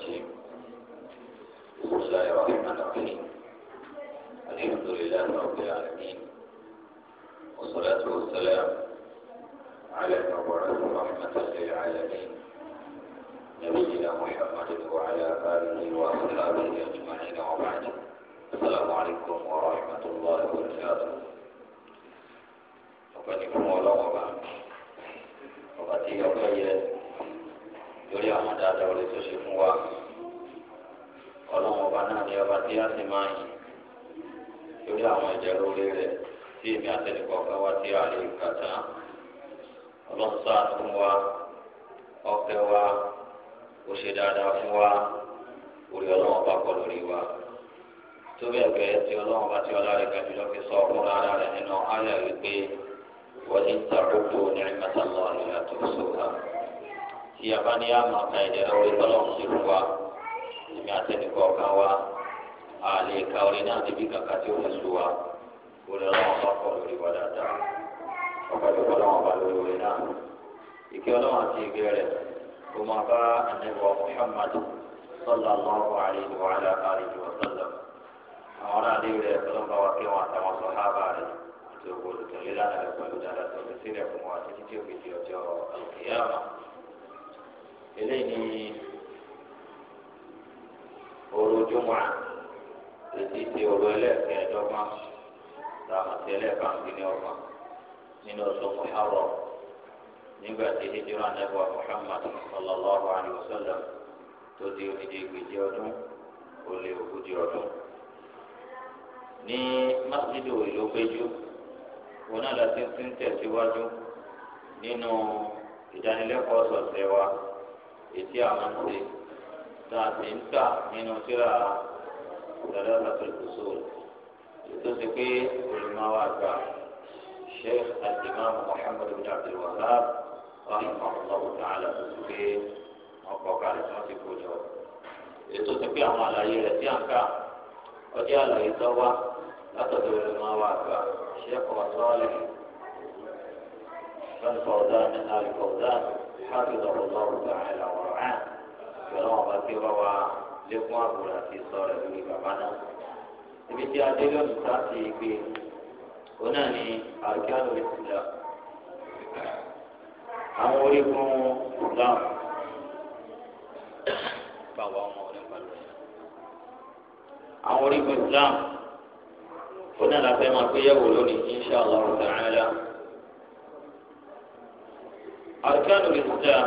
الرجيم بسم الله الرحمن الرحيم الحمد لله رب العالمين والصلاة والسلام على المبعوث رحمة للعالمين نبينا محمد وعلى آله وأصحابه أجمعين وبعد السلام عليكم ورحمة الله وبركاته وقد يكون الله وبعد lórí àwọn dáadáa orí tó ṣe fún wa ọlọ́run ọba náà ni ọba tí a sì máa yìn lórí àwọn ẹ̀jẹ̀ lórí rẹ̀ tí èmi àtẹnukọ̀ kan wá tí a lè kà tán ọlọ́run sáà fún wa ọ̀fẹ́ wa ó ṣe dáadáa fún wa orí ọlọ́run ọba kọ lórí wa torí ẹgbẹ́ tí ọlọ́run ọba tí ọlá rẹ̀ ga jùlọ fi sọ fún ara rẹ̀ nínú ayọ̀ wípé wọ́n ti ń ta gbogbo ní ẹ̀mẹ́ta lọ́ọ̀rì àti oṣù kan ìyàbá ni a máa ka ìdẹ̀rẹ̀ orí tọ́lọ́mù sí fún wa èmi àtẹnukọ̀ kan wa àlè ka orí náà níbi kàkà tí ó fi sùn wa orí ọlọ́wọ́n bá kọ́ lórí wa dáadáa ọ̀pọ̀lọpọ̀ ọlọ́wọ́n bá lórí orí náà ìkẹ́ ọlọ́wọ́n àti ìgbẹ́ rẹ̀ kó máa bá ànẹ́wọ̀ Muhammad sallallahu alayhi wa ala alihi wa sallam àwọn náà lè rẹ̀ ọlọ́wọ́n bá wa kí wọn àtàwọn sàhábà rẹ̀ àti ògbólótò lílànà rẹ̀ pẹ̀lú dáadáa tó fi eléyìí ni òru jùmọ̀ ètí ti òru ẹlẹ́ẹ̀kẹ́ẹ̀dọ́gbọ̀n ràmọ̀tí ẹlẹ́ẹ̀kàǹtì ní ọgbọ̀n nínú oṣù Muharram nígbà tí hijira nẹ́bọ̀ Muhammad sallallahu alayhi wa sallam tó di onídìí ìgbèjì ọdún ó lé ogójì ọdún ní masjidu ìlú péjú wọn náà láti ń tẹ̀síwájú nínú ìdánilẹ́kọ̀ọ́ ọ̀sọ̀ọ̀sẹ̀ wa. ایتیا مندی دا تینکا من چرا دلالت القصور تو سکی علماء کا الامام محمد بن عبد الوهاب رحمه الله تعالى سکی او کو کار چاتی کو جو تو سکی اما لای ایتیا يتوى او جا الشيخ تو صالح فالفوزان من آل فوزان حفظه الله تعالى و القرآن يلوم بكي روا لكم أبونا في صورة بني بابانا تبتي أدل مساتي بي هناني أركان الإسلام أموركم إسلام بابا أموركم àwọn orígun islam ó náà la fẹ́ máa pé yẹ̀wò lónìí insha allah ta'ala arkanu islam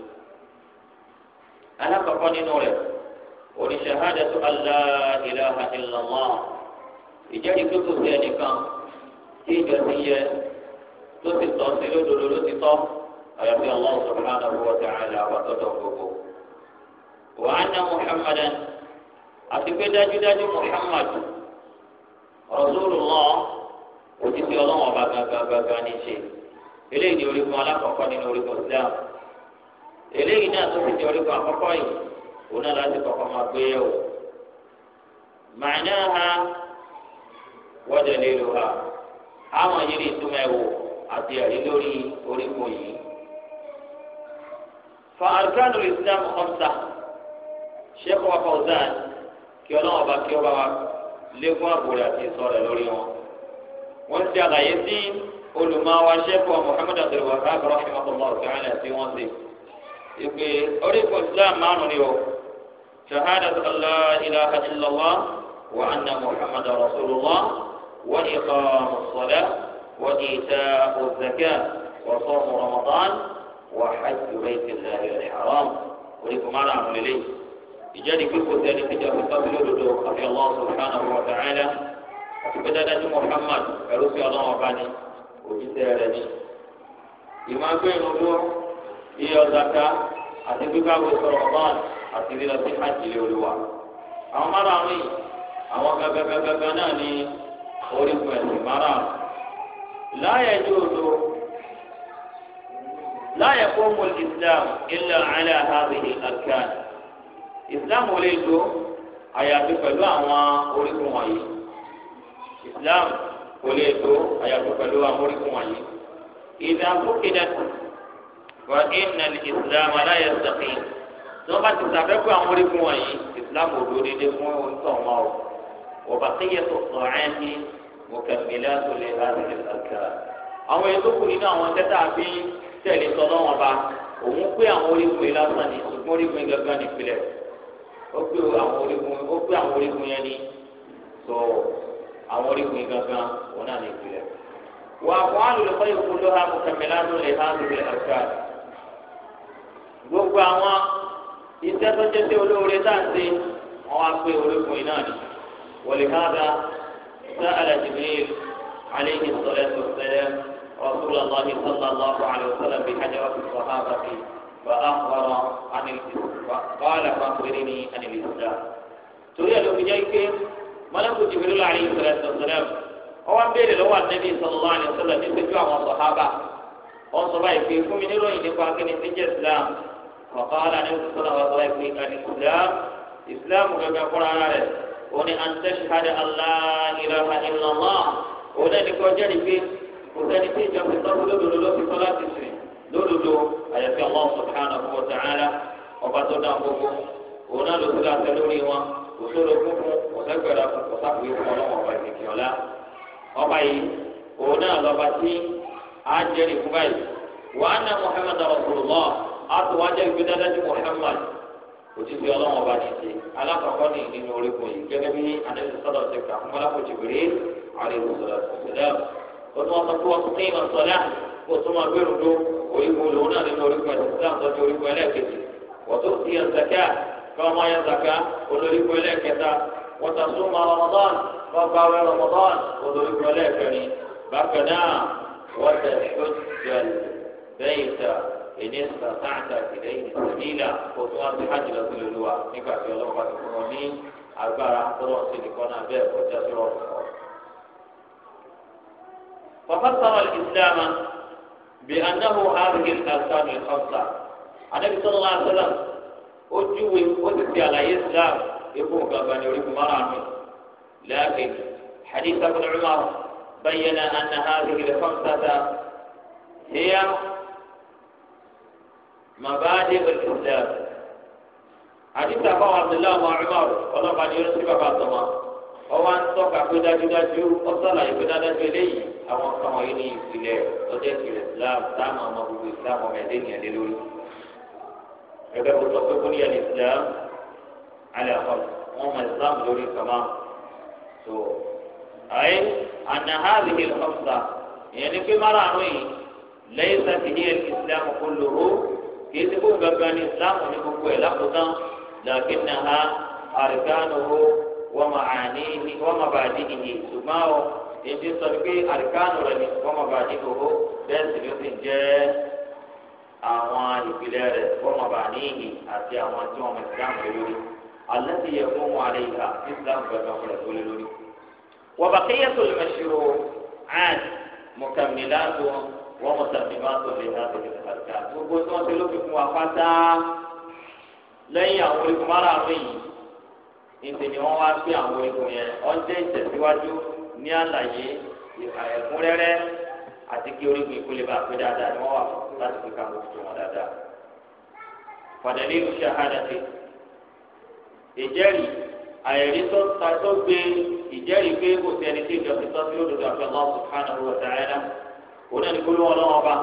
alákọ̀ọ́kọ́ nínú rẹ̀ òní shahadatu alla ilaha illallah ìjẹ́rìí pé kò sí ẹnìkan tí ìjọ ti yẹ tó ti tọ́ sí lódodo ló ti tọ́ àyàfi Allah subhanahu wa ta'ala wa tọ́jọ́ gbogbo. wa anna muhammadan àti pé dájúdájú muhammadu rasulullah òtítí ọlọ́wọ́n bá ní ṣe eléyìí ni orígun alákọ̀ọ́kọ́ nínú orígun islam eléyìí náà tó fi di orígun àkọ́kọ́ yìí òun náà láti kọ́kọ́ máa gbé yẹ̀wò màánà ha wọ́dọ̀ lélo ha àwọn yìí rí ìtumọ̀ ẹ̀wò àti ẹ̀rí lórí orígun yìí. fa arkanu islam khamsa sheikh wa fawzan kí ọlọ́wọ́n bá kí ọba wa lékún àbúrò àti ìsọ̀rọ̀ lórí wọn. wọ́n ti àlàyé sí olùmọ̀ wa sheikh wa muhammadu abdul wahab rahimahullah ta'ala tí wọ́n ti ìpè oríkùn islam márùn ni o shahadatu allah ilaha illallah wa anna muhammad rasulullah wa iqamu salat wa ita'u zakat wa sawmu ramadan wa hajju baytillahi al-haram oríkùn márùn lélẹ́yìn ìjẹ́ni pípò tẹ́lẹ̀ kíjà fún tábìlì òdodo àfi allah subhanahu wa ta'ala àti pé ní muhammad ẹ̀rú sí ọlọ́run ọba ni òjíṣẹ́ rẹ̀ ni ìmọ̀ agbẹ́yìn olúwa yíyọ zaka àti gbígbà gbèsè ọ̀gbọ́n àti lílọ sí hajj lé olúwa. àwọn márààrún yìí àwọn gàgàgàgàgà náà ní orígun ẹ̀sìn márààrún. láyé jòòdò láyé kóńgò islam ilẹ̀ alẹ́ àhàbìhì àkàn. islam ò lè do àyàfi pẹ̀lú àwọn orígun wọ̀nyí. islam ò lè do àyàfi pẹ̀lú àwọn orígun wọ̀nyí. ìdààmú kìdàtì wa inna al-islam la yastaqim tó bá ti sàbẹ̀ pé àwọn orígun wọ̀nyí islam ò lórí dé fún ọ̀tọ̀ ọmọ o wọ́n bá kéye tó sàn án ní mọ̀kànlélá tó lè bá rẹ̀ lọ́kà. àwọn ètò kù nínú àwọn tẹ́tà bí tẹ̀lé tọ́lọ́wọ́n ba òun pé àwọn orígun yìí lásán ni ṣùgbọ́n orígun yìí gangan nípìnlẹ̀ ó pé àwọn orígun ó yẹn ni tó àwọn orígun yìí gangan òun náà nípìnlẹ̀. wà á fọ́ àlùlẹ̀ kọ́ ìkúlọ́ gbogbo àwọn iṣẹ́ tó jẹ́ sí olóore tá à ń ṣe wọ́n á pé orígun iná ni wọ̀lẹ́hàdà sáàlà jìbìrìl aleyhi sọlẹ́tù sẹlẹ̀ rasulallah sallallahu alayhi wa sallam bi hajj wa fi sahaba fi wa akhbara anil qala fa akhbirini anil islam torí ẹ̀ ló fi jẹ́ ike malakul jìbìrìl aleyhi sọlẹ́tù sẹlẹ̀ ọwọ́ ń béèrè lọ́wọ́ àtẹ́bí sallallahu alayhi ní وقال عليه الصلاة والسلام الإسلام إسلام كما قرأ عليه وني أن تشهد أن لا إله إلا الله وني كوجري في وسني في جنب الصبر لولو في صلاة السنة أي في الله سبحانه وتعالى وبطنا بكم ونالو ثلاثة لولي òṣèlú kúkú ọ̀sẹ̀gbẹ̀rẹ̀ kúkú sáfù yìí kọ́ lọ́wọ́ ọba ìkẹkẹ ọ̀la ọba yìí òun náà lọ́ba tí a jẹ́rìí fún báyìí wàá nà Muhammad rasulullah àtúwájẹ́ ìgbé dáadáa ju Muhammad òtítí ọlọ́run ọba ṣiṣe alákọ̀ọ́kọ́ ní nínú orígun yìí gẹ́gẹ́ bí adébí sọ́dọ̀ ti kà fún alákòjì bèrè àríwò sọ̀rọ̀ sọ̀rọ̀ ó tún wọn sọ pé wọn tún ní ìmọ̀ sọ̀dá kó tún máa gbèrú tó orígun lòun náà nínú orígun ẹ̀sìn sílá sọ́jú orígun ẹlẹ́ẹ̀kejì wọ́n tó ti yan zakia kí wọ́n máa yan zakia olórígun ẹlẹ́ẹ̀kẹta wọ́n ta sún máa Ramadan wọ́n gba awẹ́ Ramadan olórígun ẹlẹ́ẹ̀kẹrin bákan náà wọ́n tẹ̀ إن استطعت إليه سبيلا وصار بحاجة للولوى نكا في الله وقت القرآنين أربعة قرآن سيكون أبير وتسرور ففسر الإسلام بأنه هذه الأركان الخمسة النبي صلى الله عليه وسلم أجوي وتسي على الإسلام يكون كبان يريد مرامي لكن حديث ابن عمر بين أن هذه الخمسة هي mabadi al-islam àdìsí àbáwọ abdullahi ọmọ umar ọlọ́pàá ni yóò ṣe bàbá àtọmọ ọwọ́ ń tọ́ka pé dájúdájú ọ̀sọ́là ìpè dájúdájú eléyìí àwọn kan wọ̀nyí ní ìpìlẹ̀ ọjọ́ ìpìlẹ̀ islam táwọn ọmọ gbogbo islam ọmọ ẹ̀dẹ́ ènìyàn lé lórí. gẹ́gẹ́ bó sọ pé kó ní ẹni islam alẹ́ àkọ́ wọn mọ islam lórí kàmá. tó ayé anahari ilẹ̀ ọ̀sà ìyẹn ni pé márùn-ún yìí lẹ́yìn sátidé islam kó lòó kìí ṣe fún gangan ní islamu ní gbogbo ẹ̀ lákòótán làákìn náà ha àríkánuhu wọ́n máa àní ní wọ́n máa bàa ní ìyè ṣùgbọ́n o èdè sọ pé àríkánu rẹ̀ ní wọ́n máa bàa ní sì ni ó sì àwọn ìpìlẹ̀ rẹ̀ wọ́n máa bàa àti àwọn tí wọ́n máa islamu lórí alẹ́ yẹ fún wọn àlẹ́ ìhà islamu gangan fún ẹ̀ tó lé lórí. wọ́n bàkẹ́yẹ́ tó lè mẹ́ṣirò àd mọ̀kànmílá tó wọ́n mọ̀ tàbí máa tó lè ha lórí ìfàdíkà gbogbo tí wọ́n ti ló fi fún wa pátá lẹ́yìn àwọn orígun márààrún yìí ìdè ni wọ́n wá sí àwọn orígun yẹn ọjọ́ ìtẹ̀síwájú ní àlàyé ẹ̀kúnrẹ́rẹ́ àti kí orígun ìkólé bá pé dáadáa ni wọ́n wà fún láti fi ká gbogbo wọn dáadáa. fàdàlí ìlú ṣàhádàtì ìjẹ́rìí àyẹ̀rí tó gbé ìjẹ́rìí pé kò òun náà ní gbólóhùn ọlọ́wọ́n ọba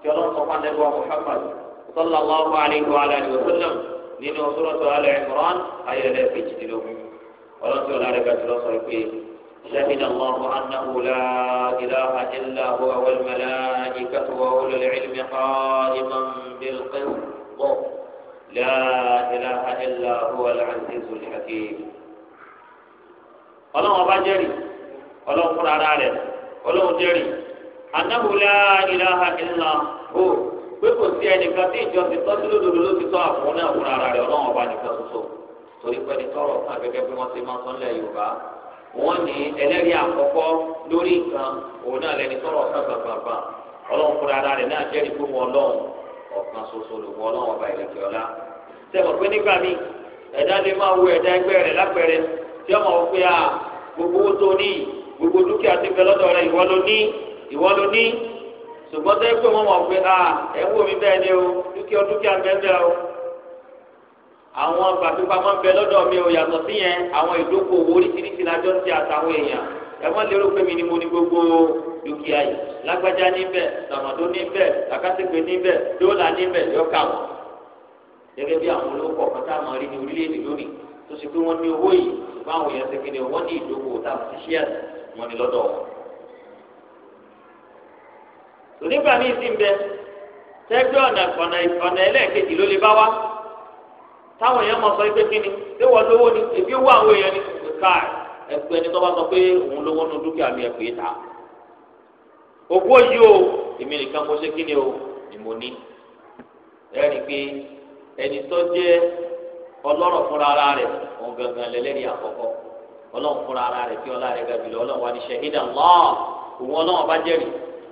tí ọlọ́run sọ fún anẹ́gbọ́ Muhammad sallallahu alayhi wa alayhi wa sallam nínú sọ́rọ́sọ alẹ́ ìmọ̀ràn ayẹyẹ kejìdínlógún ọlọ́run tí ọ̀la rẹ̀ gàtú lọ sọ pé شهد الله أنه لا إله إلا هو والملائكة وأولو العلم قائما بالقسط لا إله إلا هو العزيز الحكيم ọlọ́run ọba jẹ́rìí ọlọ́run fúnra ara rẹ̀ ọlọ́run jẹ́rìí annahu la ilaha illa hu pé kò sí ẹnìkan tí ìjọsìn tọ́jú lódodo ló ti tọ́ àfún náà fún ara rẹ̀ ọlọ́run ọba nìkan ṣoṣo torí pẹ́ni tọrọ fún akẹ́kẹ́ bí wọ́n ti máa sọ nílẹ̀ yorùbá wọ́n ní ẹlẹ́rìí àkọ́kọ́ lórí nǹkan òun náà lẹni tọrọ fún gbàgbàgbà ọlọ́run fún ara rẹ̀ náà jẹ́rìí pé wọ́n ọlọ́run ọ̀kan ṣoṣo ló wọ́n ọlọ́run ọba ìlẹ̀kẹ́ ọlá sẹ́wọ̀n pé nígbà míì ẹ̀dá lè máa wo ẹ̀dá ẹgbẹ́ rẹ̀ lápẹ̀rẹ̀ tí ọmọ òfin à gbogbo owó tó ní gbogbo dúkìá ti bẹ lọ́dọ̀ rẹ̀ ìwọ ló ní ìwọ ló ní ṣùgbọ́n tó yẹ pé wọ́n mọ̀ pé a ẹ̀ wò mí bẹ́ẹ̀ ni o dúkìá dúkìá bẹ́ẹ̀ o àwọn gbàdúgbàmọ́ bẹ lọ́dọ̀ mi ò yàtọ̀ sí yẹn àwọn ìdókòwò oríṣiríṣi lájọ́ ti àtàwọn èèyàn ẹ mọ́ lérò pé mi ni mo ní gbogbo dúkìá yìí lágbájá níbẹ̀ tàmàdó níbẹ̀ tàkàtìpé níbẹ̀ dọ́là níbẹ̀ yọkà wọn. gẹ́gẹ́ bí àwọn olóko ọ̀kan tá a máa rí ní orílẹ̀-èdè lónìí tó ṣe pé wọ́n ní owó yìí ṣùgbọ́n àwọn èèyàn ṣe kí ni wọ́n ní ìdókòwò tá a ti ṣíẹ̀ onígbà míì sì ń bẹ tẹ́gbẹ́ ọ̀nà ọ̀nà ọ̀nà ẹlẹ́ẹ̀kejì ló lè bá wa táwọn èèyàn mọ̀ sọ pé kí ni ṣé wọ́n lówó ni èbí owó àwọn èèyàn ni ká ẹgbẹ́ ẹni tó bá sọ pé òun lówó nu dúkìá mi ta owó yìí o èmi nìkan mo ṣe kí ni o ni mo ní ẹ̀rí pé ẹni tó jẹ́ ọlọ́rọ̀ fúnra ara rẹ̀ òun gangan lẹ́lẹ́rìí àkọ́kọ́ ọlọ́run fúnra ara rẹ̀ kí ọlá rẹ̀ ọlọ́run wa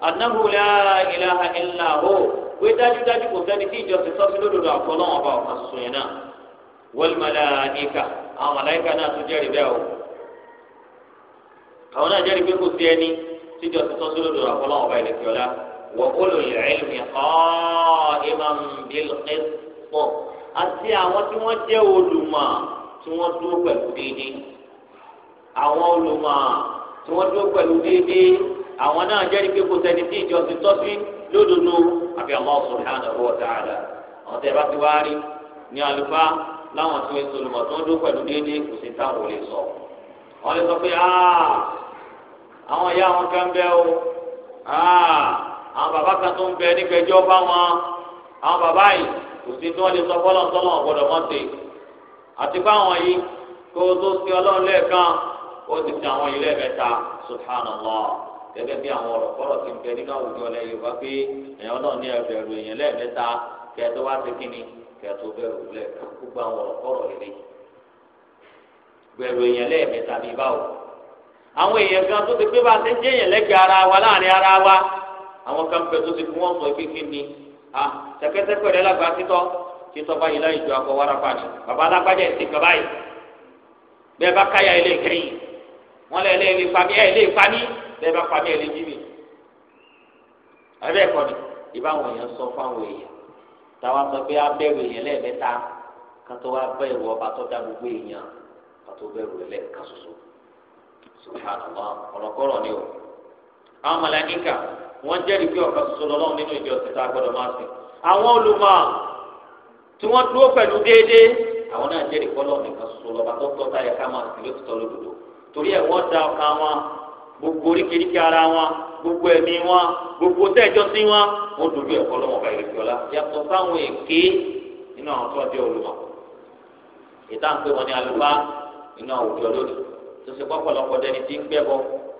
annahu la ilaha illa hu wí dájúdájú kò sẹ́ni tí ìjọsìn sọ́sí lódodo àfọlọ́ ọba ọ̀kan sùn yẹn náà wal malaika àwọn màláìka náà tún jẹ́rìí bẹ́ẹ̀ o àwọn náà jẹ́rìí pé kò sí ẹni tí ìjọsìn sọ́sí lódodo àfọlọ́ ọba ìlẹ̀kẹ́ọ́lá wa ulul ilmi qa'iman bil qist àti àwọn tí wọ́n jẹ́ olùmọ̀ tí wọ́n dúró pẹ̀lú déédéé àwọn olùmọ̀ tí wọ́n dúró pẹ̀lú déédéé àwọn náà jẹ́rìí pé kò sẹ́ni tí ìjọsìn tọ́ sí lódodo àfi Allah subhanahu wa ta'ala àwọn tẹ́ bá ti wá rí ní àlùfáà láwọn tí wọ́n ti olùmọ̀ tó ń dún pẹ̀lú déédéé kò sí táwọn ò lè sọ. wọ́n lè sọ pé àwọn ìyá àwọn kan bẹ́ o àwọn bàbá kan tó ń bẹ nígbẹ̀jọ́ bá wọn àwọn bàbá yìí kò sí tí wọ́n lè sọ fọ́lọ́ ọ̀gbọ́dọ̀ wọ́n ti àti pé àwọn yìí kó tó sí ọlọ́run lẹ́ẹ̀kan ó ti fi àwọn yìí lẹ́ẹ̀mẹ́ta subhanallah gẹ́gẹ́ bí àwọn ọ̀rọ̀ kọ́rọ̀ ti ń bẹ nínú àwùjọ ilẹ̀ yorùbá pé èèyàn náà ní ẹ̀bẹ̀rù èèyàn lẹ́ẹ̀mẹ́ta kẹ́ẹ̀tọ́ wá sí kínní kẹ́ẹ̀tọ́ bẹ̀rù lẹ̀ gbogbo àwọn ọ̀rọ̀ kọ́rọ̀ lè bẹ̀rù èèyàn lẹ́ẹ̀mẹ́ta bíi báwo. àwọn èèyàn kan tó ti pé bá a ti ń jẹ́ èèyàn ara wa láàrin ara wa àwọn kan pẹ̀ tó ti fi wọ́n sọ pé kínní ah tẹ̀kẹ́tẹ́kẹ́ rẹ lágbàá títọ́ títọ́ báyìí láì ju akọ wárápá ni bàbá alágbájá ẹ̀sìn kan báyìí bẹ́ẹ̀ bá káyà ilé kẹ́yìn wọ́n lẹ́ ilé ìfami ẹ̀ ilé ìfami bẹ́ẹ̀ bá pàmì ẹ̀lẹ́ jí mi abẹ́ ẹ̀kọ́ ìbáwọn èèyàn sọ fáwọn èèyàn táwọn sọ pé abẹ́rù èèyàn lẹ́ẹ̀mẹ́ta kan tó wá ọba tó dá gbogbo èèyàn kan tó subhanallah ni o àwọn wọ́n jẹ́rìí pé nínú ìjọ gbọ́dọ̀ máa sìn àwọn olùmọ̀ tí wọ́n dúró pẹ̀lú déédéé àwọn náà jẹ́rìí lọ́ba tó tọ́ gbogbo oríkèéríkè ara wọn gbogbo ẹ̀mí wọn gbogbo tẹ́jọ́ sí wọn wọn dojú ẹ̀kọ́ lọ́wọ́ ọba ìrètí ọlá yàtọ̀ sáwọn èké nínú àwọn tó ọjọ́ olùmọ̀ ìtàǹpé wọn ni àlùfáà nínú àwọn òjò lónìí tó ṣe pọ́pọ́lọpọ̀ dẹni tí ń gbẹ́bọ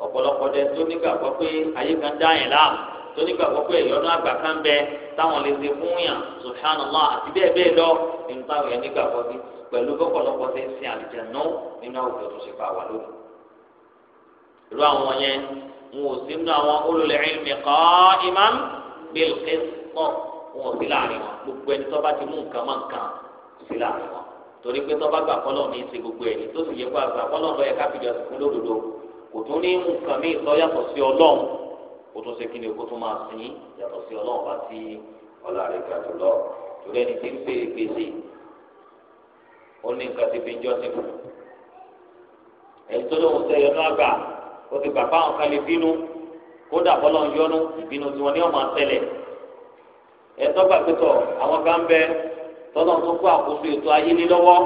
ọ̀pọ̀lọpọ̀ dẹni tó nígbàgbọ́ pé ayé kan dá yẹn láàmú tó nígbàgbọ́ pé ìyọnu àgbà kan bẹ táwọn lè ṣe fún yàn subhanallah àti bẹ́ẹ̀ bẹ́ẹ̀ lọ nínú táwọn yẹn nígbàgbọ́ sí pẹ̀lú pọ́pọ́lọpọ̀ ṣe ń sin àlùjànnú nínú àwùjọ tó ṣe pa wà lónìí irú àwọn yẹn wọn ò sí nínú àwọn ulul ilmi qa'iman bil qist wọn ò sí láàrin wọn gbogbo ẹni tó bá ti mú nǹkan mọ́ nǹkan kò sí láàrin wọn torí pé tó bá gbà kọ́lọ̀ ní í ṣe gbogbo ẹni tó sì yẹ kó àgbà kọ́lọ̀ lọ́yẹ ká fìjọ lódodo kò tún ní nǹkan míì tó yàtọ̀ sí ọlọ́run kò tún ṣe kí ni kó tún máa sìn yàtọ̀ sí ọlọ́run bá ti ọlá rẹ̀ ga jùlọ torí ẹni tí ń pè é gbèsè ó ní nǹkan ti fi ń jọ́sìn fún ẹni tó lóun sẹ́yọ náà gbà ó ti gbà fáwọn kan lè bínú kódà bọ́lọ̀ ń yọnu ìbínú tí wọ́n ní ọmọ àtẹlẹ̀ ẹ̀tọ́ gbàgbẹ́tọ̀ àwọn kan bẹ tọ́lọ̀ tó kó àkóso ètò ayé ní lọ́wọ́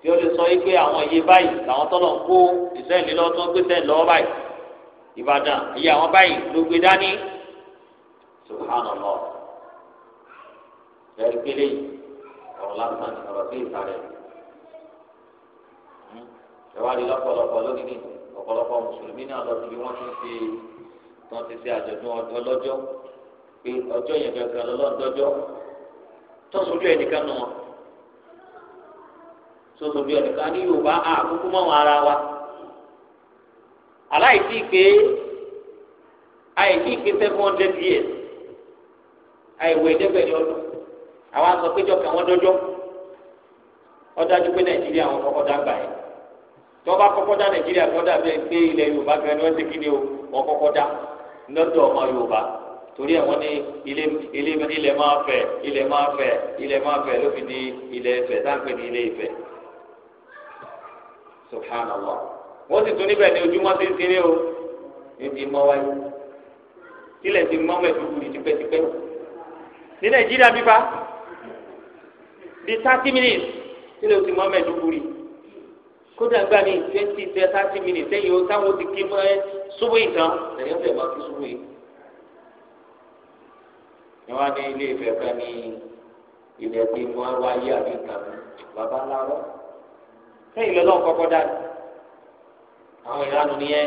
tí ó lè sọ yí pé àwọn iye báyìí làwọn tọ́lọ̀ ń kó ìsẹ́yìn lélọ́wọ́ tó ń gbé sẹ́yìn lọ́wọ́ báyìí Ìbàdàn iye àwọn báyìí ló gbé dání subhanallah bẹ́ẹ̀ gbélé ọ̀rọ̀ lásán ọ̀rọ̀ sí ìsàlẹ̀ ẹ wá rí lọ́pọ̀lọpọ̀ lónìí ọ̀pọ̀lọpọ̀ mùsùlùmí náà lọ síbi wọ́n ti fi wọ́n ti fi àjọ̀dún ọjọ́ lọ́jọ́ pé ọjọ́ yẹn tọ́sọ̀dún ẹnìkan nù wọn ẹnìkan wa aláìsí pé àìsí pé seven hundred years ọdún sọ péjọ dọ́jọ́ ọdájú pé Nàìjíríà wọn kọ́kọ́ tọ́ba kọ́kọ́ dá nàìjíríà tó dàbí pé ilẹ̀ yorùbá gan ni wọ́n ti kí ni o wọ́n kọ́kọ́ dá lọ́dọ̀ ọmọ yorùbá torí ẹ̀ wọ́n ní ilẹ̀ máa fẹ̀ ilẹ̀ máa fẹ̀ ilẹ̀ máa fẹ̀ ló fi di ilẹ̀ Ifẹ̀ sáńpẹ̀ ní ilé Ifẹ̀ subhanallah wọ́n sì tún níbẹ̀ ní ojúmọ́ sí sílé o ní ti mọ́ wáyé sílẹ̀ ti mọ́ mẹ́tòkù ní tipẹ́tipẹ́ ní nàìjíríà bíbá di thirty minutes sílẹ̀ ti mọ́ mẹ́tòkù rí kódà gba ní twenty tẹ thirty minutes ẹ yóò táwọn ti ké fún ẹ ṣubú ìtàn lẹ́yìn ọ̀fẹ́ máa fi ṣubú yìí. wọn á ní ilé ìfẹ́ kan ní ilẹ̀ pé wọn wá yé àbí nǹkan bàbá ńlá rọ. sẹ́yìn lọ́lọ́ kọ́kọ́ dá ní. àwọn ìlànà nìyẹn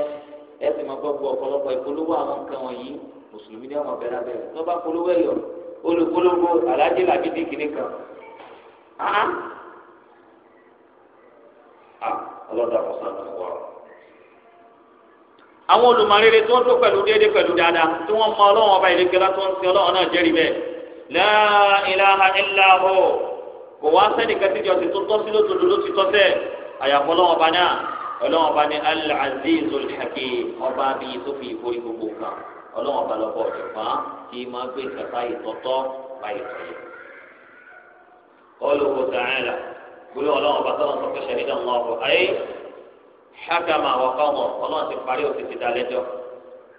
ẹ sì máa gbọ́gbọ́ ọ̀pọ̀lọpọ̀ ìpolówó àwọn nǹkan wọ̀nyí mùsùlùmí ní àwọn ọ̀bẹ lábẹ́ tó bá polówó ẹ̀yọ̀ olùpolówó alájẹ́ làbídì kìnnìkan ọlọ́dà kò sàn tó wà. àwọn olùmọ̀rẹ́rẹ́ tó ń tó pẹ̀lú déédéé pẹ̀lú dáadáa tí wọ́n mọ ọlọ́run ọba ìlẹ́kẹ̀lá tó ń sin ọlọ́run náà jẹ́rìí bẹ́ẹ̀ la ilaha illa hu kò wá sẹ́ni kẹ́sìdì ọ̀sìn tó tọ́ sí lóṣooṣù ló ti tọ́sẹ̀ àyàfọ́ ọlọ́run ọba ọba ní gbólé ọlọ́run bá tọ́lọ́ sọ pé ṣẹ̀rídà ń lọ́rùn ayé ṣàkàmà àwọ̀kọ́mọ̀ ọlọ́run ti parí ó ti ti dá lẹ́jọ́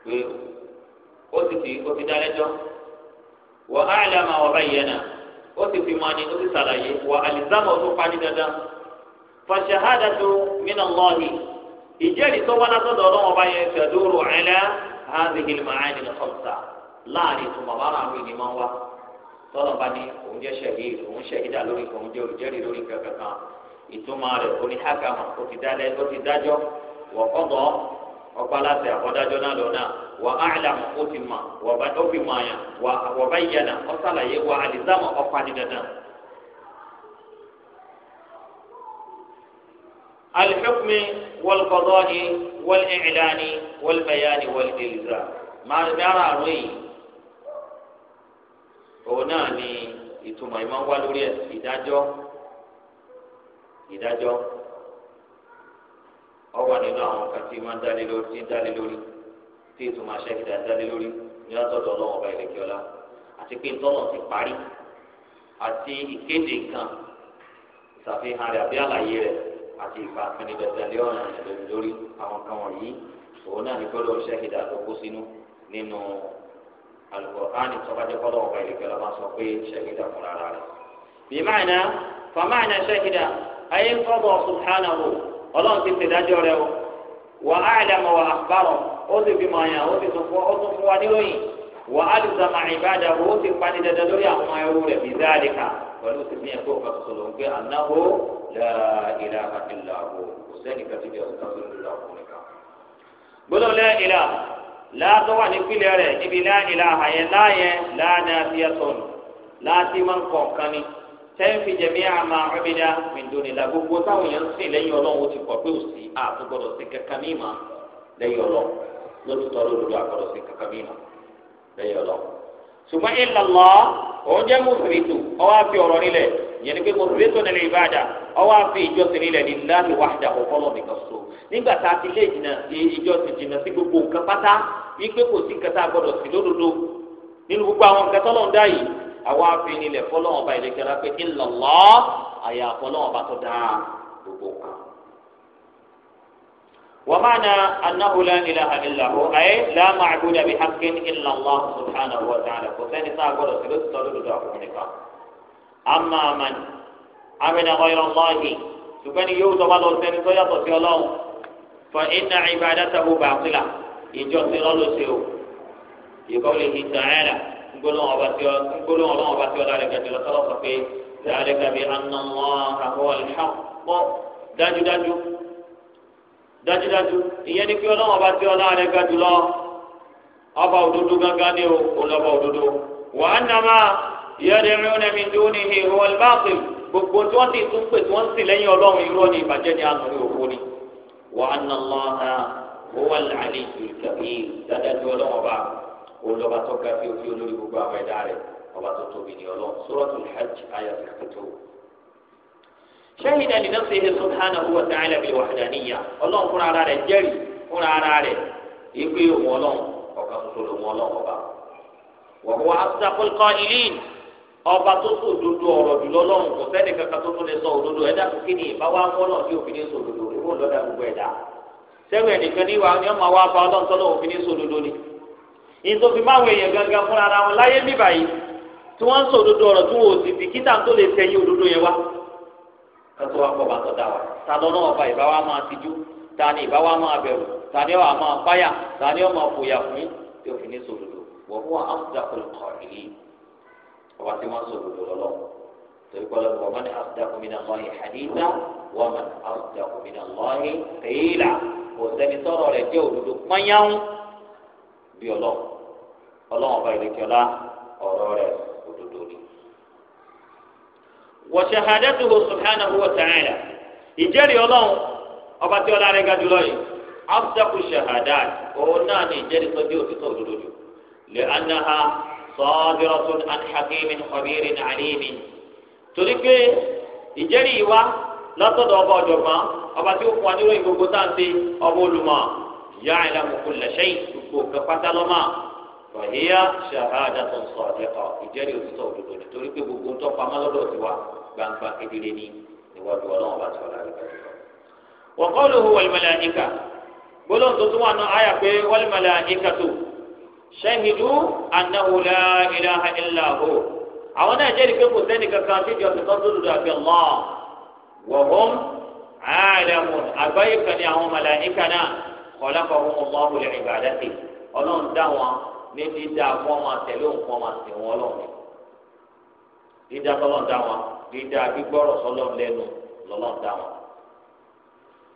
pé ó ti ti ó ti dá lẹ́jọ́ wọ́n á lè máa wọ́n bá yẹn náà ó ti fi máa ní ó ti sàlàyé wọ́n àlìsámọ̀ tó parí dandan fàṣàhádà tó mìíràn lọ́ọ̀hì ìjẹ́rìí tó wá látọ̀dọ̀ ọlọ́run ọba yẹn ṣàdúró ẹ̀lẹ́ hàzìhìl màáyìn ní kọ́ńtà láàrin tó màmá tọ́lọ̀ bá ní òun jẹ́ ṣẹ̀hí òun ṣẹ̀hídà lórí òun jẹ́ olùjẹ́rìí lórí kankan ìtumọ̀ rẹ̀ ó ní hákàmù ó ti dálẹ̀ ó ti dájọ́ wọ̀ kọ́mọ́ ọba aláṣẹ àkọ́dájọ́ náà lọ́nà wà áìlàmù ó ti mọ̀ ó fi mọ̀ àyàn wà bá yẹnà ó sàlàyé wà àlìzámù ọ̀pá ní dandan. الحكم والقضاء والإعلان والبيان والإلزام ما ما رأي òun náà ni ìtumọ̀ ìmọ̀ wá lórí ẹ̀ ìdájọ́ ìdájọ́ ọwọ́ nínú àwọn kan tí máa ń dálé lórí tí ń dálé lórí tí ìtumọ̀ aṣẹ́kìdá ń dálé lórí ní látọ̀dọ̀ ọlọ́wọ́n ọba ìlẹ̀kẹ́ ọlá àti pé ntọ́nà ti parí àti ìkéde kan ìsàfihàn rẹ̀ àbí àlàyé rẹ̀ àti ìfàpinni dẹ̀dẹ̀lẹ́ ọ̀nà ìlẹ̀lórí àwọn kan wọ̀nyí òun náà ní gbọ́dọ̀ aṣẹ́kìdá tó kó sínú nínú alukur'ani sọgbàjẹ kọlọ ọba ìlẹkẹlẹ máa sọ pé ṣẹhida fúnra rẹ̀. bí máàna fàmáàna ṣẹhida ayé ń kọ́bọ̀ subhanahu ọlọ́run ti tẹ̀dájọ́ rẹ̀ o wà á àdàmọ̀ wà àkùbárọ̀ ó sì fi mọ̀ àyàn ó sì tún fún ó tún fún wa níròyìn wà á lù sàmà ìbàdà ó sì pani dandan lórí àwọn ẹrú rẹ̀ bí záàlìkà pẹ̀lú sì fi hàn pé òkà sọ̀rọ̀ ń gbé ànáwó láìlà àti làwọ̀ kò sẹ́ni kàtí bí ọ̀sán tó ń lò lọ́kùnrin kan. gbọ́dọ̀ láìlà láàtọ̀ wà ní pílẹ̀ rẹ̀ níbi láìlà àyẹ̀ láàyẹ̀ láàánà fíyàtọ̀n láti máa ń kọ̀ kan ni tẹ́ǹfì jẹ̀mí àmà ọ̀mìnira mìndónìlà gbogbo táwọn èèyàn ń sìn lẹ́yìn ọlọ́run ó ti kọ̀ pé òsì àtúgbọ̀dọ̀ sí kankan ní ìmọ̀ lẹ́yìn ọlọ́run lótútọ́ lódodo àgbọ̀dọ̀ sí kankan ní lẹ́yìn ọlọ́run. ṣùgbọ́n ìlànà òun yẹni pé motivation nílẹ̀ ìbáàdà ọwọ́ àfi ìjọsìn nílẹ̀ ní láti wahda ọ̀fọ́lọ́ nìkan so nígbà tá a ti lé jìnnà ìjọsìn jìnnà sí gbogbo nǹkan pátá wípé kò sí nǹkan tá a gbọdọ̀ sí lódodo nínú gbogbo àwọn nǹkan tọ́lọ́ ń dá yìí àwa àfi nílẹ̀ fọlọ́wọ́n ba ilẹ̀ kẹra pé illallah àyà fọlọ́wọ́n ba tó dá gbogbo kan. ومعنى أنه لا إله إلا هو أي لا معبود بحق إلا الله سبحانه وتعالى وثاني صاحب رسول الله صلى الله عليه وسلم أما من عمل غير الله سبحانه يوسف على السنة سيطة الله فإن عبادته باطلة يجوز الله سيو لقوله تعالى نقولوا الله باتيو ذلك جل صلاة في ذلك بأن الله هو الحق داجو داجو داجو داجو يعني كي الله باتيو ذلك جل أبا ودودو غاني أو أبا ودودو وأنما yad'una من دونه هو الباطل batil gbogbo tí wọ́n ti tún pè tí wọ́n sì lẹ́yìn ọlọ́run irọ́ ni ìbàjẹ́ ni àná ní òfò ni. wa anna Allaha huwa al-'aliyyul kabir dáadáa ọlọ́run ọba olọba tó ga fífi olórí gbogbo àwọn ẹ̀dá rẹ̀ ọba tó tóbi ní ọlọ́run suratul hajj ayat kàkẹ́tọ́. shahida li nafsihi subhanahu wa ta'ala bil wahdaniyya ọlọ́run fúnra ara rẹ̀ jẹ́rìí fúnra ara rẹ̀ ìgbé òun ọlọ́run ọ̀kan ọba tó sọ òdodo ọ̀rọ̀ jùlọ lọ́hùn kò sẹ́ni kankan tó tún lè sọ òdodo ẹ̀dá tó kí ni ìbáwá mọ́ náà tí òfin ní sọ òdodo ìwọ lọ́dà gbogbo ẹ̀dá sẹ́wọ̀n ẹnìkan ní wa ni ọmọ wa fa ọlọ́run tọ́lọ́ òfin ní sọ òdodo ni ìtòfin máwọn èèyàn gangan fúnra ara wọn láyé bí báyìí tí wọ́n ń sọ òdodo ọ̀rọ̀ tí wọ́n ò sì bìkítà tó lè tẹ̀yìn òdodo yẹn wá kátó wa kọ́ bá tọ́ da wa ta lọ́nà ọba ìbáwá máa tijú ta ni ìbáwá máa bẹ̀rù ta ni ọ̀ ni ọba tí wọ́n sọ̀rọ̀ lọ́wọ́ lọ́wọ́ torí kọ́lọ́ ní wọ́n ní asdaqu minallahi haditha wọ́n mọ̀ ní asdaqu minallahi qila kò sẹ́ni sọ̀rọ̀ rẹ̀ jẹ́ òdodo pányáwó bí ọlọ́wọ́ ọlọ́wọ́ ọba ìlẹ́kẹ́ọ́lá ọ̀rọ̀ rẹ̀ òdodo ni. wa shahadatuhu subhanahu wa ta'ala ìjẹ́rìí ọlọ́wọ́ ọba tí ọlá rẹ̀ ga yìí asdaqu صابرة عن حكيم خبير عليم تلك إجري إيوا لا تدعو أبا جرما أبا تيوك وانيرو إنكو قتانتي أبو لما يعلم كل شيء تكو كفتا لما فهي شهادة صادقة إجري وتصور دوني تلك بقوم توقع ما لدو سوا بانفا كدليني نواجه الله أبا سوالا وقوله والملائكة قولون تتوانا آية والملائكة ṣẹ́hìdú anáwùlá ìlàhà ìlàhù àwọn náà jẹ́rìí pé kò sẹ́ni kankan tí ìjọsìn tó dúdú dàbí Allah wọ̀hún àlẹ́mù àgbáyé kan ní àwọn màláíkà náà kọ̀lákọ̀ọ́hún ọlọ́hù lè rìn bàdá sí ọlọ́run dá wọn ní dídá fún ọmọ àtẹ̀lé òǹkọ́ ọmọ àti wọn lọ́wọ́ dídá tọ́lọ́ dá wọn dídá gbígbọ́rọ̀ sọ́lọ́ lẹ́nu lọ́lọ́ dá wọn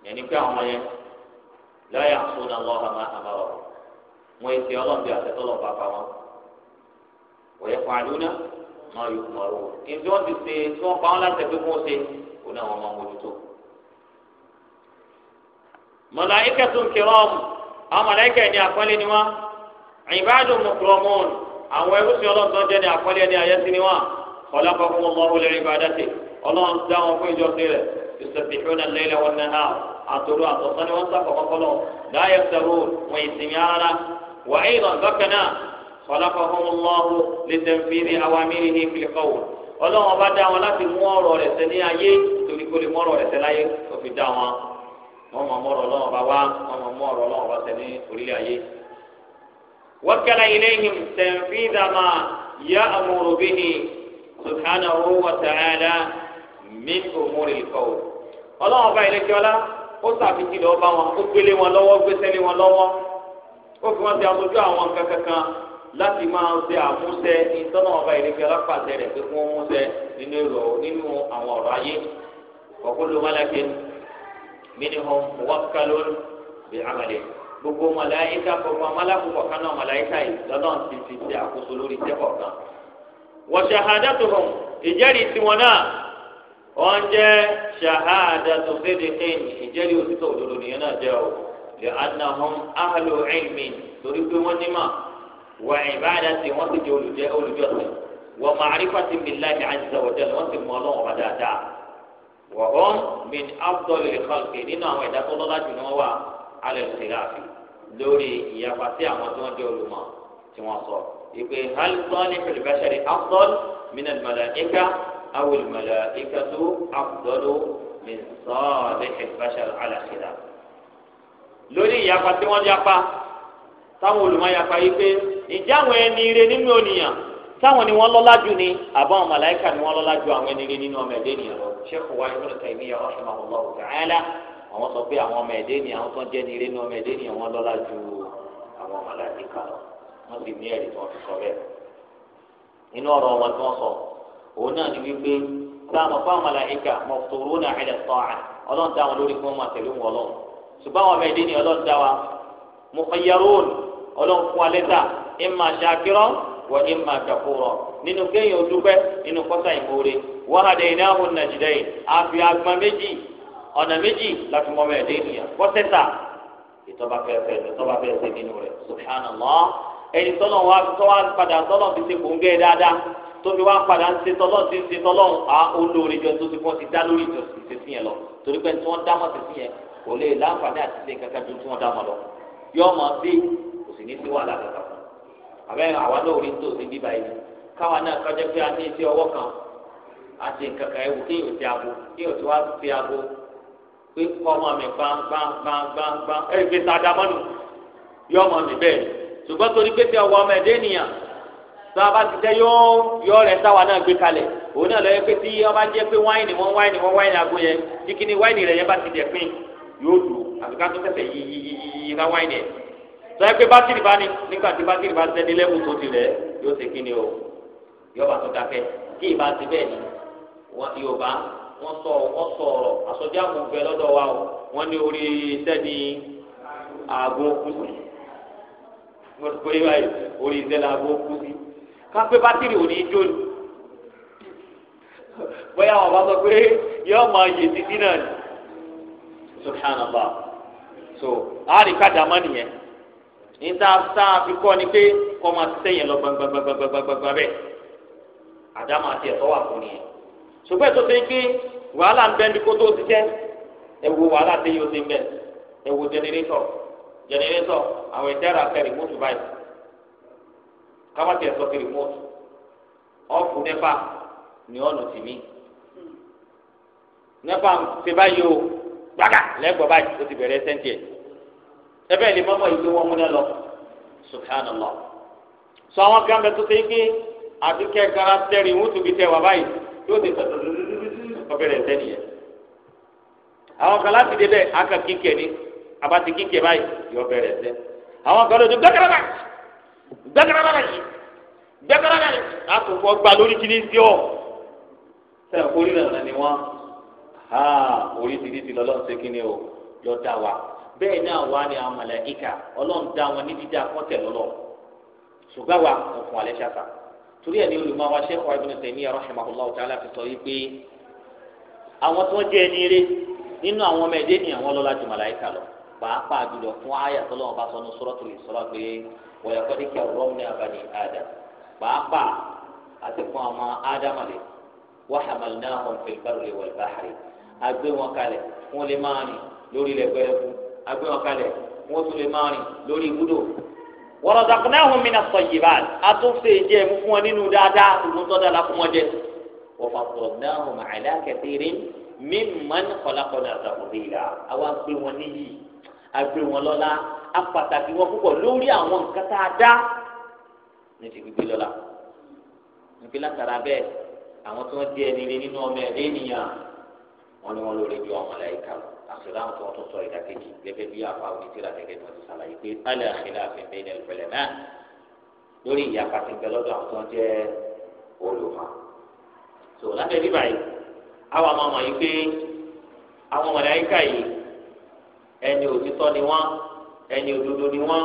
yẹn ni pé àwọn yẹn láyà sódà lọ́ọ́ wọn èsì ọlọ́ọ̀bí àtẹ́tọ́lọ́ bàbá wọn wọ́n yẹ fún àdúrà náà yóò mọ̀ ọ́ ìdí wọn ti ṣe tí wọ́n pa wọn láti ẹgbẹ́ fún ṣe kó náà wọn máa mójútó. mọ̀láyíkẹ́ tún kìrọ́ ọ̀mù àwọn mọ̀láyíkẹ́ ní àkọ́lé ni wọ́n ìbádùn mùkúrọ̀mọ́ọ̀n àwọn ẹrúsìn ọlọ́ọ̀tọ́ jẹ́ ní àkọ́lé ní ayẹ́sí ni wọ́n ọlọ́pàá fún ọmọ olè ìbádàtì ọlọ́run dá wọn fún وأيضا بكنا خلقهم الله لتنفيذ أوامره في القول ọlọ́run ọba dá wọn láti mú ọ̀rọ̀ rẹ̀ ṣẹ ní ayé torí kó lè mú ọ̀rọ̀ rẹ̀ ṣẹ láyé fi dá وكل إليهم تنفيذ ما يأمر به سبحانه وتعالى من أمور القول ọlọ́run ó fi wọn ṣe aṣojú àwọn kankan kan láti máa ṣe àmúṣẹ ìtọ́nà ọba ìrìnkẹ́ lápàtẹ rẹ̀ pé kí wọ́n múṣẹ nínú èrò nínú àwọn ọ̀rọ̀ ayé ọ̀kúlù mọ́lẹ́kẹ́ mínihàn muwakkalun bí amàlẹ́ gbogbo màláyíkà gbogbo amálákùkọ̀ kan náà yìí lọ́nà ti fi ṣe àkóso lórí tẹ́kọ̀ kan. wọ́n shahadatuhum ìjẹ́rìí tiwọn náà wọ́n jẹ́ shahadatu sédèkéyìn ìjẹ́rìí li'annahum ahlu ilmin torí pé wọ́n ní mà wà ibadati wọ́n ti jẹ́ olùjẹ́ olùjọ́sìn wa ma'rifati billahi azza wa jalla wọ́n ti mọ ọlọ́run wa dáadáa wa hum min afdalil khalqi nínú àwọn ẹ̀dá tó lọ́lá jù ní wọ́n wà alẹ́ ìsìláàfì lórí ìyapa sí àwọn tí wọ́n jẹ́ olùmọ̀ tí wọ́n sọ ìpè hal salihul bashari afdal min al-malaika aw al-malaikatu afdalu min salihil bashari ala khilaf. lórí ìyapa tí wọ́n yapa táwọn olùmọ̀ yapa yìí pé ǹjẹ́ àwọn ẹni ire nínú ènìyàn táwọn ni wọ́n lọ́lá jù ni àbọ̀ àwọn màláìka ni wọ́n lọ́lá jù àwọn ẹni ire nínú ọmọ ẹ̀dẹ́ ènìyàn lọ. sẹ́kù wa ibùdó ta ìmíyà rahimahullahu ta'ala àwọn sọ pé àwọn ọmọ ẹ̀dẹ́ ènìyàn tó ń jẹ́ ni ire nínú ọmọ ẹ̀dẹ́ ènìyàn lọ́lá àwọn màláìka lọ wọ́n sì ní ẹ̀rí ni wípé táwọn fáwọn màláìka ṣùgbọ́n àwọn ọmọ ẹ̀dín ni ọlọ́run dá wa mukhayyarun ọlọ́run fún wa lẹ́tà imma shakira wa imma kafura nínú kéèyàn odúpẹ́ nínú kọ́sà ìmoore wa hadaynahu najdayn àfi agbọn méjì ọ̀nà méjì láti mọ ọmọ ẹ̀dín nìyà kọ́sẹ́tà ìtọ́ba fẹ́ẹ́fẹ́ ìtọ́ba fẹ́ẹ́fẹ́ nínú rẹ̀ subhanallah ẹni tọ́lọ̀ wa tọ́wá padà tọ́lọ̀ fi ṣe kòńgẹ́ dáadáa tóbi wá padà ń ṣe tọ́lọ́ ń ṣe tọ́lọ́ jọ tó ti fọ́ ti dá lórí ìjọsìn ṣe sí yẹn lọ torí pé tí wọ́n dá mọ́ ṣe sí yẹn kò lè láǹfààní àti ṣe kankan tó tún wọn dá wọn lọ yọ ọmọ sí kò sì ní sí wàhálà kankan àbẹ àwa náà orí tó ti bíbá yìí káwa náà kájọ pé a ní iṣẹ́ ọwọ́ kan àti kankan ẹwù kí yóò ti abo kí yóò ti wá ti abo pé kọ́mọ mi gbangbangbangba ẹ gbé sada mọ́nu yọ ọmọ mi bẹ́ẹ̀ ṣùgbọ́n torí pé tí ọwọ́ ọmọ ẹ̀dẹ́ nìyàn tó a bá ti tẹ́ yọ yọ rẹ̀ táwa náà gbé kalẹ̀ òun náà lọ yẹ pé tí ọba jẹ́ pé wáìnì wọn wáìnì wọn wáìnì àgbo yẹn kíkíní wáìnì rẹ̀ yẹn bá ti dẹ̀ pín yóò dùn àti ká tó tẹ̀sẹ̀ yíyíyíyí ká wáyé nìyẹn sọ́yẹ́ pé bátìrì bá ní nígbà tí bátìrì bá sẹ́ni lẹ́wù tó ti rẹ̀ yóò ṣe kíni o yóò bá tó dákẹ́ kí ìbá ti bẹ́ẹ̀ ni yorùbá wọ́n sọ wọ́n sọ ọ̀rọ̀ àsọjí àmúgbẹ lọ́dọ̀ wa o wọ́n ní orí sẹ́ni àgbo kùsì wọ́n pé báyìí orí sẹ́ni àgbo kùsì kápẹ́ bátìrì ò ní í jóni bóyá wọn bá sọ pé yóò máa yè títí náà ni subhanallah so àárín kàdámọ́ nìyẹn níta sáà fi kọ́ ni pé kọ́ máa ti sẹ́yìn lọ gbangbangbangbangbangba bẹ́ẹ̀ àdámọ́ àti ẹ̀tọ́ wà fún nìyẹn ṣùgbọ́n ètò ṣe pé wàhálà ń bẹ́ẹ̀ ní kótó ti jẹ́ ẹ wo wàhálà tẹ́ yóò ṣe ń bẹ́ẹ̀ ẹ wo jẹnẹrétọ̀ jẹnẹrétọ̀ àwọn ìtẹ́ra fẹ́ rìmọ́tù báyìí kábàtì ẹ̀sọ́ fi rìmọ́tù ọ̀fù nẹ́fà ni ọ̀nà tì mí hmm. nẹ́fà ṣe báyìí o gbàgà lẹ́gbọ̀n báyìí ó ti bẹ̀rẹ̀ sẹ́ńtì ẹ̀ ẹbẹ́ ni mọ́mọ́ yìí ló wọ́n múná lọ subhanallah sọ àwọn kan bẹ tó ṣe pé àdúkẹ́ gara tẹ́rì wọ́n tóbi tẹ́ wà báyìí yóò ti sọ̀tọ̀ ọbẹ̀rẹ̀ sẹ́ńtì ẹ̀ àwọn kan láti dé bẹ́ẹ̀ aka kíkẹ́ ni abati kíkẹ́ báyìí yóò bẹ̀rẹ̀ sẹ́ àwọn kan lójú gbẹ́gẹ́rẹ́ báyìí gbẹ́gẹ́rẹ́ báyìí gbẹ́gẹ́rẹ́ báyìí àtúnfọ́ gbà lórí kìnnìkì ọ̀ sẹ́yìn kórìíra ha ah, oríṣiríṣi lọ́lọ́run ṣe kíni o lọ dá wa bẹ́ẹ̀ náà wà ní àwọn màláíkà ọlọ́run dá wọn ní dídá kọ́tẹ̀ lọ́lọ́ ṣùgbọ́n wa kò fún alẹ́ ṣàtà torí ẹ̀ ní olùmọ̀ wa ṣẹ́kọ̀ Ibn Taymiyyah rahimahullahu ta'ala fi sọ wípé àwọn tó jẹ́ ẹni eré nínú àwọn ọmọ ẹ̀dẹ́ ni àwọn ọlọ́lá ju màláíkà lọ pàápàá jùlọ fún àyà tọ́lọ́wọ́n bá sọnù Suratul Isra pé wọ́n yàtọ̀ ní kí arramna bani Adam pàápàá àti fún àwọn ádámàlẹ̀ wa hamalnahum fil barri wal bahri agbé wọn kalẹ̀ wọn lè máa rìn lórí ilẹ̀ gbẹrẹfu agbé wọn kalẹ̀ wọn tún lè máa rìn lórí ibùdó. warazaqnahum minas tayyibat atúnṣe ìjẹ́ ẹ̀mú fún wọn nínú dáadáa ìgbón tó dára fún wọn jẹ. wa faddalnahum ala kathirin mimman khalaqna tafdila àwa gbé wọn níyì agbé wọn lọ́lá apàtàkì wọn púpọ̀ lórí àwọn nǹkan tá a dá ní gbígbé lọ́lá nígbà látara àwọn tí wọ́n di ẹni rí nínú ọmọ ẹ̀ lé wọn ní wọn lórí bí ọmọ làyíká lọ àṣírí àwọn tó ń tún sọ ìdàkejì gẹ́gẹ́ bí àfa onítìrà gẹ́gẹ́ bí wọn ti ṣàlàyé pé alẹ àṣírí àfihàn bẹ́ẹ̀ ní ẹlẹfẹlẹ náà lórí ìyapa ti bẹ lọ́dọ̀ àwọn tó ń jẹ olùmọ. tó lábẹ́ bí báyìí àwọn ọmọ ọmọ yìí pé àwọn ọmọ làyíká yìí ẹni òtítọ́ ni wọ́n ẹni òdodo ni wọ́n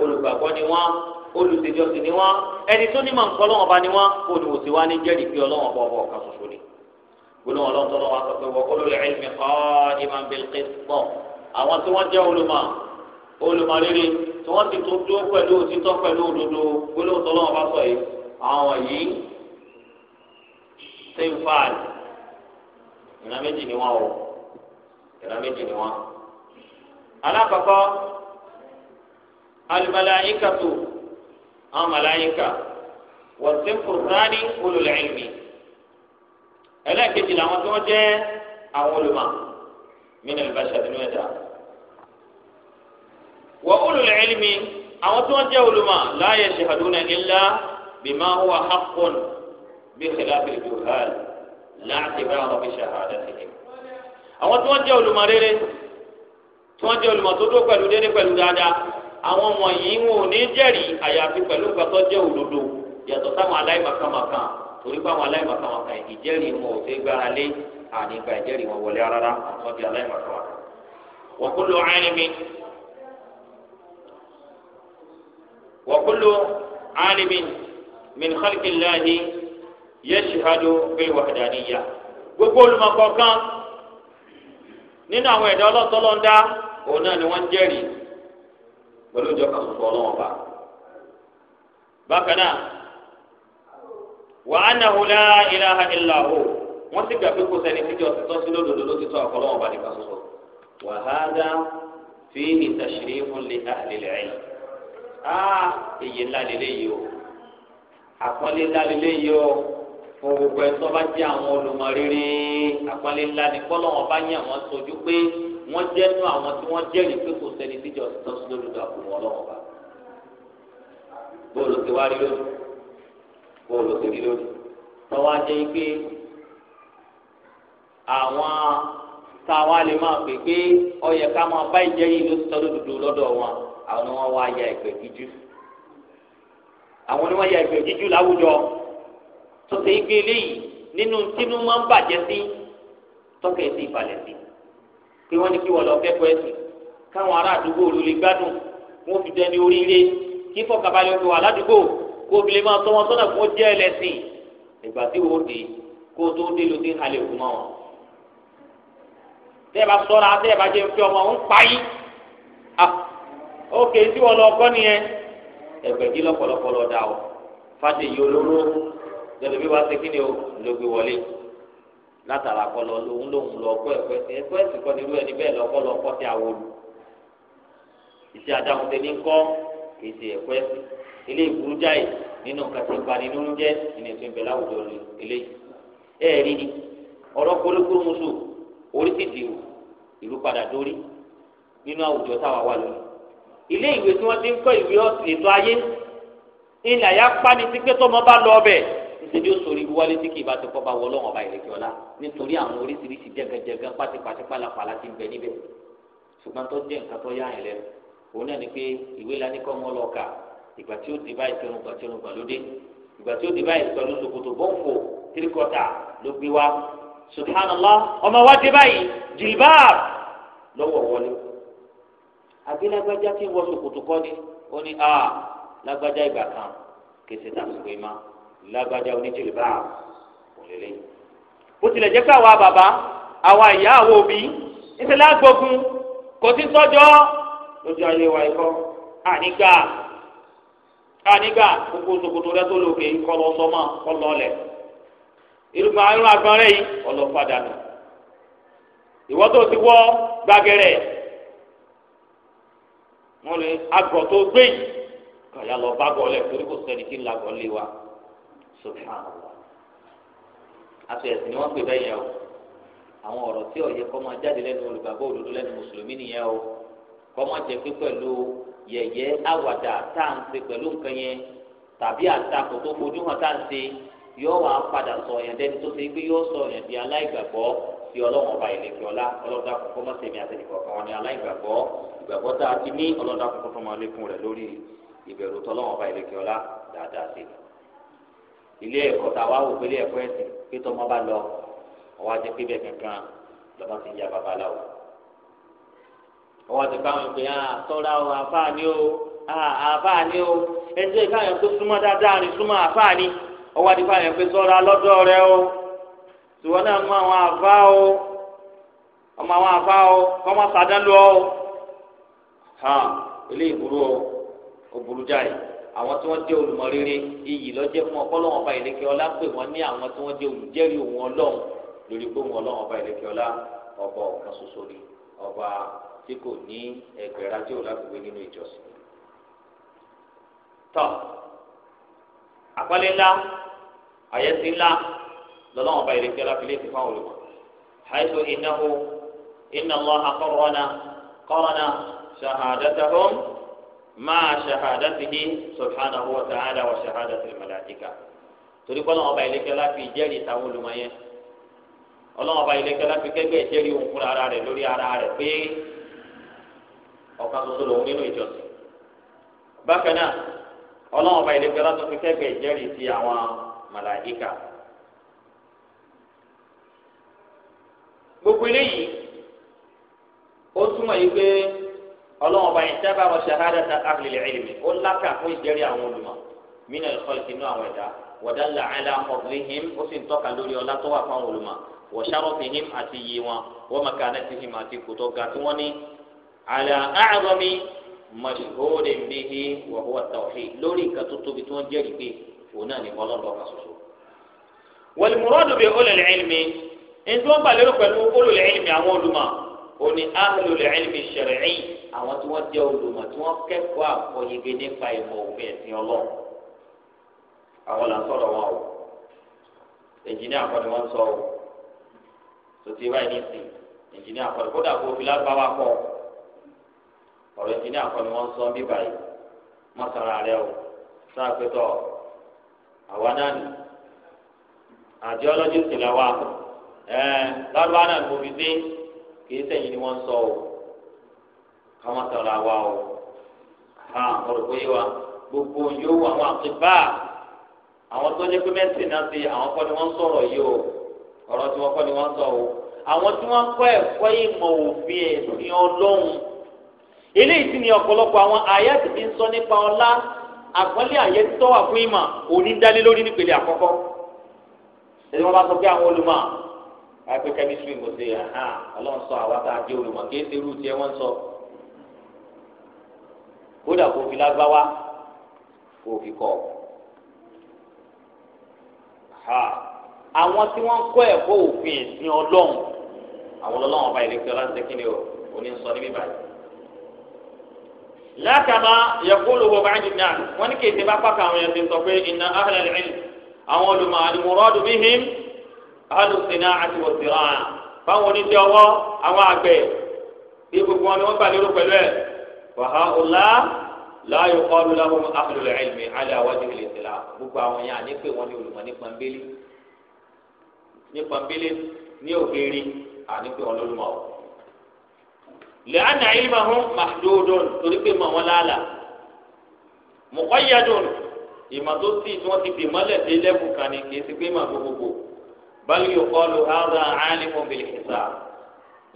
olùgbàgbọ́ ni wọ́n olùsèjọsìn ni wọ́n ẹni tó ní mọ̀ nǹkan gbólóhùn ọlọ́tọ́ lọ́wọ́ sọ pé wọ́n olórí ẹ̀mí qa'iman bil qist pọ̀ àwọn tí wọ́n jẹ́ olùmọ̀ olùmọ̀ rere tí wọ́n ti tó dúró pẹ̀lú òtítọ́ pẹ̀lú òdodo gbólóhùn tọ́lọ́wọ́ bá sọ yìí àwọn yìí ṣe ń fa àlè ìran méjì ni wọ́n o ìran méjì ni wọ́n. alákọ̀ọ́kọ́ al-malaikatu àwọn màláyíkà wọ́n ti fòtáni ulul ilmi ẹlẹ́ẹ̀kejì làwọn tí wọ́n jẹ́ àwọn olùmọ̀ mínà ìbáṣà nínú ẹ̀dá wọ́n olùlẹ̀ ẹ̀lìmí àwọn tí wọ́n jẹ́ olùmọ̀ láàyè ṣèhàdúnà ńlá bímá wà hàkùn bí xìláfì jùhàl láti bá àwọn bíṣà àdá sílẹ̀ àwọn tí wọ́n jẹ́ olùmọ̀ rere tí wọ́n jẹ́ olùmọ̀ tó dó pẹ̀lú dédé pẹ̀lú dáadáa àwọn wọ̀nyí wọn ò ní jẹ́rìí àyàfi pẹ̀lú gbàtọ́ jẹ́ òdodo yàtọ̀ sáwọn aláìmọ̀kànmọ̀kàn torí pé àwọn aláìmọ̀kan wọn kàn ìjẹ́rìí wọn ò ṣe gbára lé àní gba ìjẹ́rìí wọn wọlé rárá àwọn ti aláìmọ̀kan wọn. wa kullu alimin wa kullu alimin min khalqillahi yashhadu bil wahdaniyyah gbogbo olùmọ̀kọ̀ọ̀kan nínú àwọn ẹ̀dá ọlọ́tọ́lọ́ ń dá òun náà ni wọ́n jẹ́rìí pẹ̀lú ìjọ kan ṣoṣo ọlọ́wọ́n bá bákan náà wa annahu la ilaha illa hu wọ́n sì gbà pé kò sẹ́ni tíjọ́ ti tọ́ sí lódodo ló ti tọ́ ọ̀kọ́ lọ́wọ́ balẹ̀ kan sọ. wa hadha fihi tashrifun li ahli al-ilm. a èyí ńlá lélẹ́yìí o àpọ́nlé ńlá lélẹ́yìí o fún gbogbo ẹ̀ tó bá jẹ́ àwọn olùmọ̀ àpọ́nlé ńlá ni kọ́lọ́wọ́n bá yàn wọ́n sojú pé wọ́n jẹ́ nú àwọn tí wọ́n jẹ́rìí pé kò sẹ́ni tíjọ́ ti tọ́ sí lódodo àkùnwọ́ lọ́wọ́ bá bóòlù tó di lórí tọ́wọ́ ajẹ́ pé àwọn tá a wá lè máa pè pé ó yẹ ká máa bá ìjẹ́ yìí ló sọ lódodo lọ́dọ̀ wọn àwọn ni wọ́n wá ya ẹ̀gbẹ́ jíjú àwọn ni wọ́n ya ẹ̀gbẹ́ jíjú láwùjọ tó ṣe é gbé eléyìí nínú tínú máa ń bàjẹ́ sí tọ́kẹ́ sí ìbàlẹ̀ sí pé wọ́n ní kí wọ́n lọ kẹ́kọ̀ọ́ ẹ̀sìn káwọn ará àdúgbò olùlé gbádùn wọ́n fi dẹni oríire kí fọkàbalẹ̀ ọkọ̀ aládùúgbò kó obìnrin máa tọ́ wọn sọ́nà kó jẹ́ ẹlẹ́sìn ìgbà tí wò ó dé kó tó dé ló ti ń halẹ̀ òkú mọ́ wọn. tẹ́ ẹ bá sọ́ra tẹ́ ẹ bá jẹ́ fi ọmọ ń pa yín ókè tí wọn lọ kọ́ nìyẹn ẹgbẹ̀jì lọ́pọ̀lọpọ̀ lọ dà o fàṣeyí olóró lọ́dọ̀ bí wàá ṣe kí ni o ló gbé wọlé látara kọ lọ lóhun lóhun lọ kọ ẹ̀kọ́ ẹ̀sìn ẹ̀kọ́ ẹ̀sìn kọ́ nírú ẹni bẹ́ẹ̀ lọ́kọ́ lọ́kọ́ tí a wọlú iṣẹ́ adáhunṣe ní kọ́ èsì ẹ̀kọ́ ẹ̀sìn ilé ìburú jáì nínú nǹkan tí ìpani nínú jẹ́ nínú ètò ìbẹ̀lẹ̀ àwùjọ eléyìí ẹ̀ rí ni ọ̀rọ̀ kólókólómùsù orí ti dìrò ìlú padà dórí nínú àwùjọ táwa wà lónìí ilé ìwé tí wọ́n ti ń kọ́ ìwé ètò ayé ilẹ̀ àyà pani sí pé tọ́mọ bá lọ ọbẹ̀ nítorí ó sori wọlé tí kì í bá ti kọ́ bá wọ lọ́wọ́ ọba ìrèké ọ̀la nítorí àwọn oríṣiríṣi jẹgẹjẹgẹ pátipátipá la pàlà ti bẹ níbẹ̀ ṣùgbọ́n tó jẹ́ nǹkan tó yá yẹn òun náà ni pé ìwé la ní kọ́ mọ́ lọ kà ìgbà tí ó di báyìí tó ń gbà tó ń gbà lóde ìgbà tí ó di báyìí sọ lóṣù kòtò bọ́ǹfò tirikọta ló gbé wa subhanallah ọmọ wa dé báyìí jilbab lọ́wọ́ wọlé agbélágbájá kí wọ́n ṣòkòtò kọ́ ni ó ní a lágbájá ìgbà kan kèsì tàbùkù ìmá lágbájá oníjilbab kò lélẹ̀ bó tilẹ̀ jẹ́ pé àwa bàbá àwa ìyá àwa òbí ń ṣe lágbógun kò sí tọ́jọ́ lójú ayé wa ikọ́ ànígbà ànígbà gbogbo ṣòkòtò rẹ tó lòkè kọlọ sọmọ kọlọ lẹ irúgbà irun agbọ̀nrẹ́ yìí ọlọ padà nù ìwọ tó ti wọ gbàgẹrẹ wọn lè agbọ tó gbé yìí kàyà lọ bá gọlẹ torí kò sẹ́ni kí n la gọlẹ wa subhanallah àti ẹsìn ni wọn pè bẹyẹ o àwọn ọ̀rọ̀ tí ó yẹ máa jáde lẹ́nu olùgbàgbọ́ òdodo lẹ́nu mùsùlùmí nìyẹn o kọ́mọ́jẹ pé pẹ̀lú yẹ̀yẹ́ àwàdà tá à ń ṣe pẹ̀lú nǹkan yẹn tàbí àtakò tó fojú hàn tá à ń se yóò wá padà sọ yẹn dẹni tó ṣe pé yóò sọ yẹn di aláìgbàgbọ́ sí ọlọ́wọ́n ọba ìlẹ̀kẹ́ ọlá ọlọ́dà kọ̀ọ̀kọ́ mọ̀ sẹ́mi àtẹnìkọ̀ kan wọn ni aláìgbàgbọ́ ìgbàgbọ́ tá a ti ní ọlọ́dà kọ̀ọ̀kọ́ tó máa lékún rẹ̀ lórí ìbẹ̀rù tọ́lọ́wọ́n ọba ìlẹ̀kẹ́ ọlá dáadáa sí i ilé ẹ̀kọ́ tá a wá wò pé ilé ẹ̀kọ́ ẹ̀sìn pé tọ́mọ bá lọ ọwọ́ ajẹ́ pé bẹ́ẹ̀ kankan lọ́mọ ti ń ya ọwọ́ ti káwọn pé ah tọ́lá o àfáà o ah àfáà ni o ẹjọ́ ìkáyọ̀ tó súnmọ́ dáadáa ni súnmọ́ àfáà ni ọwọ́ àti káyọ̀ pé sọ́ra lọ́dọ̀ rẹ o tìwọ́ náà mú àwọn àfáà o ọmọ àwọn àfáà o kọ́mọ sàdánlọ́ o hàn ilé ìbúrú o òbúrú jáì àwọn tí wọ́n jẹ́ olùmọrírì iyì lọjẹ fún ọpọlọwọn ọba ìlẹkẹ ọlá pé wọ́n ní àwọn tí wọ́n jẹ́ olùjẹ́rìí òun Ọlọ́run lórí pé òun Ọlọ́run ọba ìlẹkẹ ọlá ọba ọ̀kan ṣoṣo rí ọba tí kò ní ẹgbẹ̀rún ajé ò lágbègbè nínú ìjọsìn. tọ́ àpọ́nlé ńlá àyẹ́sí ńlá lọ́lọ́run ọba ìrètí ọláfílẹ̀ ti fáwọn olùkọ́. حيث إنه إن الله قرن قرن شهادتهم مع شهادته سبحانه وتعالى وشهادة الملائكة torí kọ́ lọ́wọ́ ọba ìlẹ́kẹ́lá fi ìjẹ́rìí ìtawọ́ olùmọ̀yẹn ọlọ́wọ́ ọba ìlẹ́kẹ́lá fi kẹ́gbẹ́ ìjẹ́rìí òun fúnra rẹ̀ lórí ara rẹ̀ pé ọ̀kan ṣoṣo lòun nínú ìjọsìn bákan náà ọlọ́run ọba ìlẹ́gbẹ́ látọ̀ fi kẹ́gbẹ́ ìjẹ́rìí ti àwọn màláìkà gbogbo eléyìí ó túmọ̀ yìí pé ọlọ́run ọba yìí sábà rọ ṣahadata ahlil ilmi ó lákà fún ìjẹ́rìí àwọn olùmọ̀ mina al-khalqi àwọn ẹ̀dá wadalla ala fadlihim ó sì ń tọ́ka lórí ọlá tó wà fún olùmọ̀ wa sharafihim àti yìí wọn wa makanatihim àti kòtò ga tí wọ́n ní àlà àrọ̀mí mọ̀ṣíhóòdì bíi wọ̀húwà tàwọ̀hì lórí nǹkan tó tóbi tó ń jẹ́rìí pé òun náà ní ọlọ́run ọ̀kan ṣoṣo. wọ̀lùmùrọ́dù bíi olùlẹ̀ ẹ̀lmi ní tí wọ́n gbà lérò pẹ̀lú olùlẹ̀ ẹ̀lmi àwọn olùmọ̀ òní ahlulẹ̀ ẹ̀lmi ṣẹ̀rẹ̀ẹ́ àwọn tí wọ́n jẹ́ olùmọ̀ tí wọ́n kẹ́kọ̀ọ́ àkọyege nípa ìmọ̀ òfin ẹ̀sìn ọlọ́run àwọn là ń sọ̀rọ̀ wọn o ẹnjìníà kọ́ ni wọ́n sọ o tòtí báyìí ní sìn ẹnjìníà kọ́ ni kódà kó fi lágbáwá kọ́ ọ ọ̀rọ̀ ìjìnlẹ̀ àkọ́ni wọ́n sọ bí báyìí mọ́sára rẹ o sáà pẹ́tọ́ àwa náà nì àti ọlọ́jì ìsìnlẹ̀ wa ẹ̀ náà ni mo fi dé kì sẹ́yìn ni wọ́n sọ o ká mọ́sára wa o wa gbogbo yòówù àwọn àtibá àwọn tó ní pé náà ti àwọn kọ́ ni wọ́n sọ̀rọ̀ yìí o ọ̀rọ̀ tí wọ́n kọ́ ni wọ́n sọ o àwọn tí wọ́n kọ́ ẹ̀kọ́ òfin eléyìí ti ní ọ̀pọ̀lọpọ̀ àwọn àyà ti fi ń sọ nípa ọlá àpọ́nlé àyè tó wà fún ìmọ̀ òní dálé lórí nípele àkọ́kọ́ ẹni wọn bá sọ pé àwọn olùmọ̀ àgbẹ kẹmísírì mo ṣe hàn Ọlọ́run sọ àwa tá a jẹ olùmọ̀ kí ẹsẹ irú tiẹ̀ wọn sọ kódà kò fi lágbáwá kò fi kọ àwọn tí wọn kọ́ ẹ̀kọ́ òfin ẹ̀sìn Ọlọ́run àwọn Ọlọ́run ọba ìlẹkẹ ọlá ń ṣe kí ni o òní ń sọ níbí báyìí lákàmá yakulu wo báyìí náà wọn ní kéde bá pàkà àwọn yẹn ti sọ pé iná ahlẹ̀ lẹ́yìn àwọn olùmọ̀ àlùmọ́rọ́dù bíhìm alùsìnà àti wòsìrà fáwọn oníṣẹ́ ọwọ́ àwọn àgbẹ̀ bí gbogbo wọn ni wọ́n gbà lérò pẹ̀lú ẹ̀ wàhá ọ̀la láàyò kọ́ọ̀lù láwọn ahlul ilmi alẹ́ àwájú ilé ìtìlá gbogbo àwọn yẹn àní pé wọ́n ní olùmọ̀ nípa ń nípa ń ní òkèèrè àní pé wọ́n lólùmọ̀ ọ̀ lẹ́yìn àyìnbá hàn màdúdùn torí pé mọ̀ wọ́n lálà mọ̀kọ́yàdùn ìmọ̀ tó sì tí wọ́n ti fi mọ́lẹ̀ dé lẹ́bù kan ni kì í ti pé mà gbogbogbò bal yuqalu hadha alimun bil hisab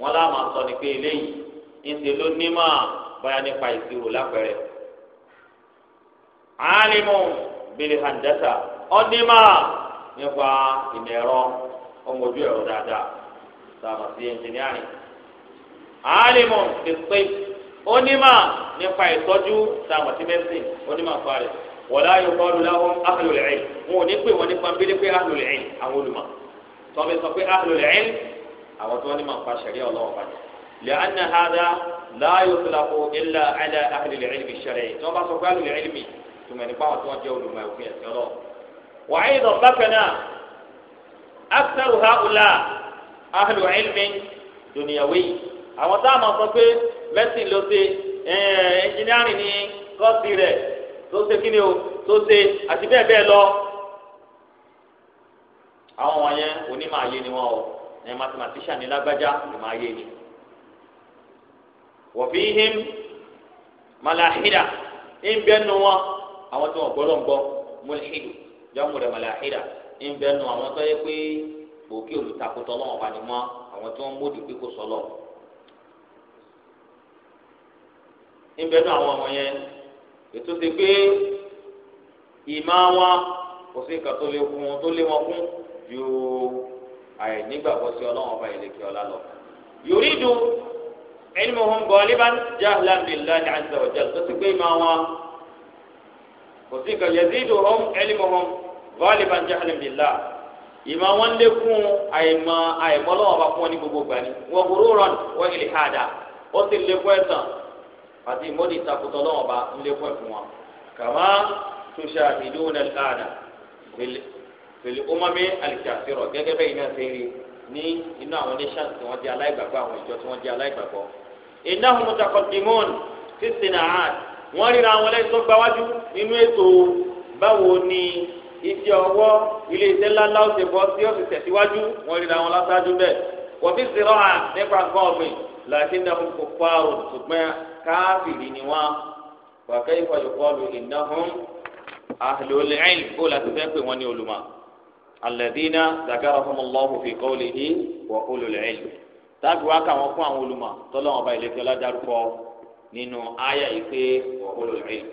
wọ́n lá máa sọ ni pé eléyìí ìṣe ló ní mà alimu fìpé onímọ̀ nípa ìtọ́jú táwọn ti mẹ́sìn onímọ̀ fàrẹ̀ wọ̀lá yóò kọ́ ọ́nù láwọn ahlul ilm wọn ò ní pè wọ́n nípa bílí pé ahlul ilm àwọn olùmọ̀ tọ́bi sọ pé ahlul ilm àwọn tó onímọ̀ nípa ṣẹ̀ríà ọlọ́wọ́ bá ní. لأن هذا لا يطلق إلا على أهل العلم الشرعي تọ́ba sọ pé ahlul ilm tùmọ̀ nípa àwọn tó wọ́n jẹ́ olùmọ̀ òfin ẹ̀sìn ọlọ́wọ́. وأيضا بكنا أكثر هؤلاء أهل علم دنيوي àwọn tá a máa sọ pé mẹ́sìn ló ṣe ẹnjìnírìn ní kọ́ọ̀sì rẹ̀ tó ṣe kí ni o tó ṣe àti bẹ́ẹ̀ bẹ́ẹ̀ lọ. àwọn onímọ̀ ayé ni o ẹ̀ mathematician ní lágbájá ìmọ̀ ayé ni. wọ̀fí him malahida ń wọn àwọn tí wọ́n gbọ́dọ̀ ń gbọ́ mulhidu rẹ̀ malahida ń àwọn tó yẹ pé òkè olùtakùtọ̀ lọ́wọ́ bá ni mọ́ àwọn tí wọ́n sọ níbẹ̀ náà àwọn ọmọ yẹn ètò ti pé ìmọ̀ wọn kò sí nǹkan tó lé wọn tó lé wọn kún ju àìnígbàgbọ́ sí ọlọ́run ọba ìlẹ̀kẹ́ ọlá lọ. yuridu ilmuhum ghaliban jahlan billahi azza wa jalla tó ti pé ìmọ̀ wọn kò sí nǹkan yaziduhum ilmuhum ghaliban jahlan billahi ìmọ̀ wọn lékún àìmọ̀ àìmọ̀ ọlọ́run ọba fún wọn ní gbogbo gbani wọ́n gurúran wọ́n ilhada ó àti ìmọ̀dé ìtakùtọ̀ lọ́wọ́ bá ń lékún ẹ̀fún wa. kàmá tó ṣe àdìdúwò náà láàdà pẹ̀lú ọmọmi àlìkàsírọ̀ gẹ́gẹ́ bẹ́ẹ̀ iná ṣe rí ní inú àwọn nations tí wọ́n di aláìgbàgbọ́ àwọn ìjọ tí wọ́n di aláìgbàgbọ́. iná hùmù takọ̀ dimon fífi náà hàn wọ́n ríra àwọn ẹlẹ́sọ́ gbáwájú nínú ètò báwo ni iṣẹ́ ọwọ́ ilé iṣẹ́ ńláńlá ó bọ́ sí ọ̀sẹ̀ tẹ̀síwájú wọ́n ríra àwọn lásáájú bẹ́ẹ̀ lakinnahum kuffarun ṣùgbọ́n káfìrí ni wọ́n wa kayfa yuqalu innahum ahlul ilm kó láti fẹ́ pé wọ́n ní olùmọ̀ alladhina zakarahumullahu fi qawlihi wa ulul ilm tábí wá káwọn fún àwọn olùmọ̀ tọ́lọ́wọ́n ọba ìlẹ́fẹ́ ládàrúkọ nínú àyà yìí pé wa ulul ilm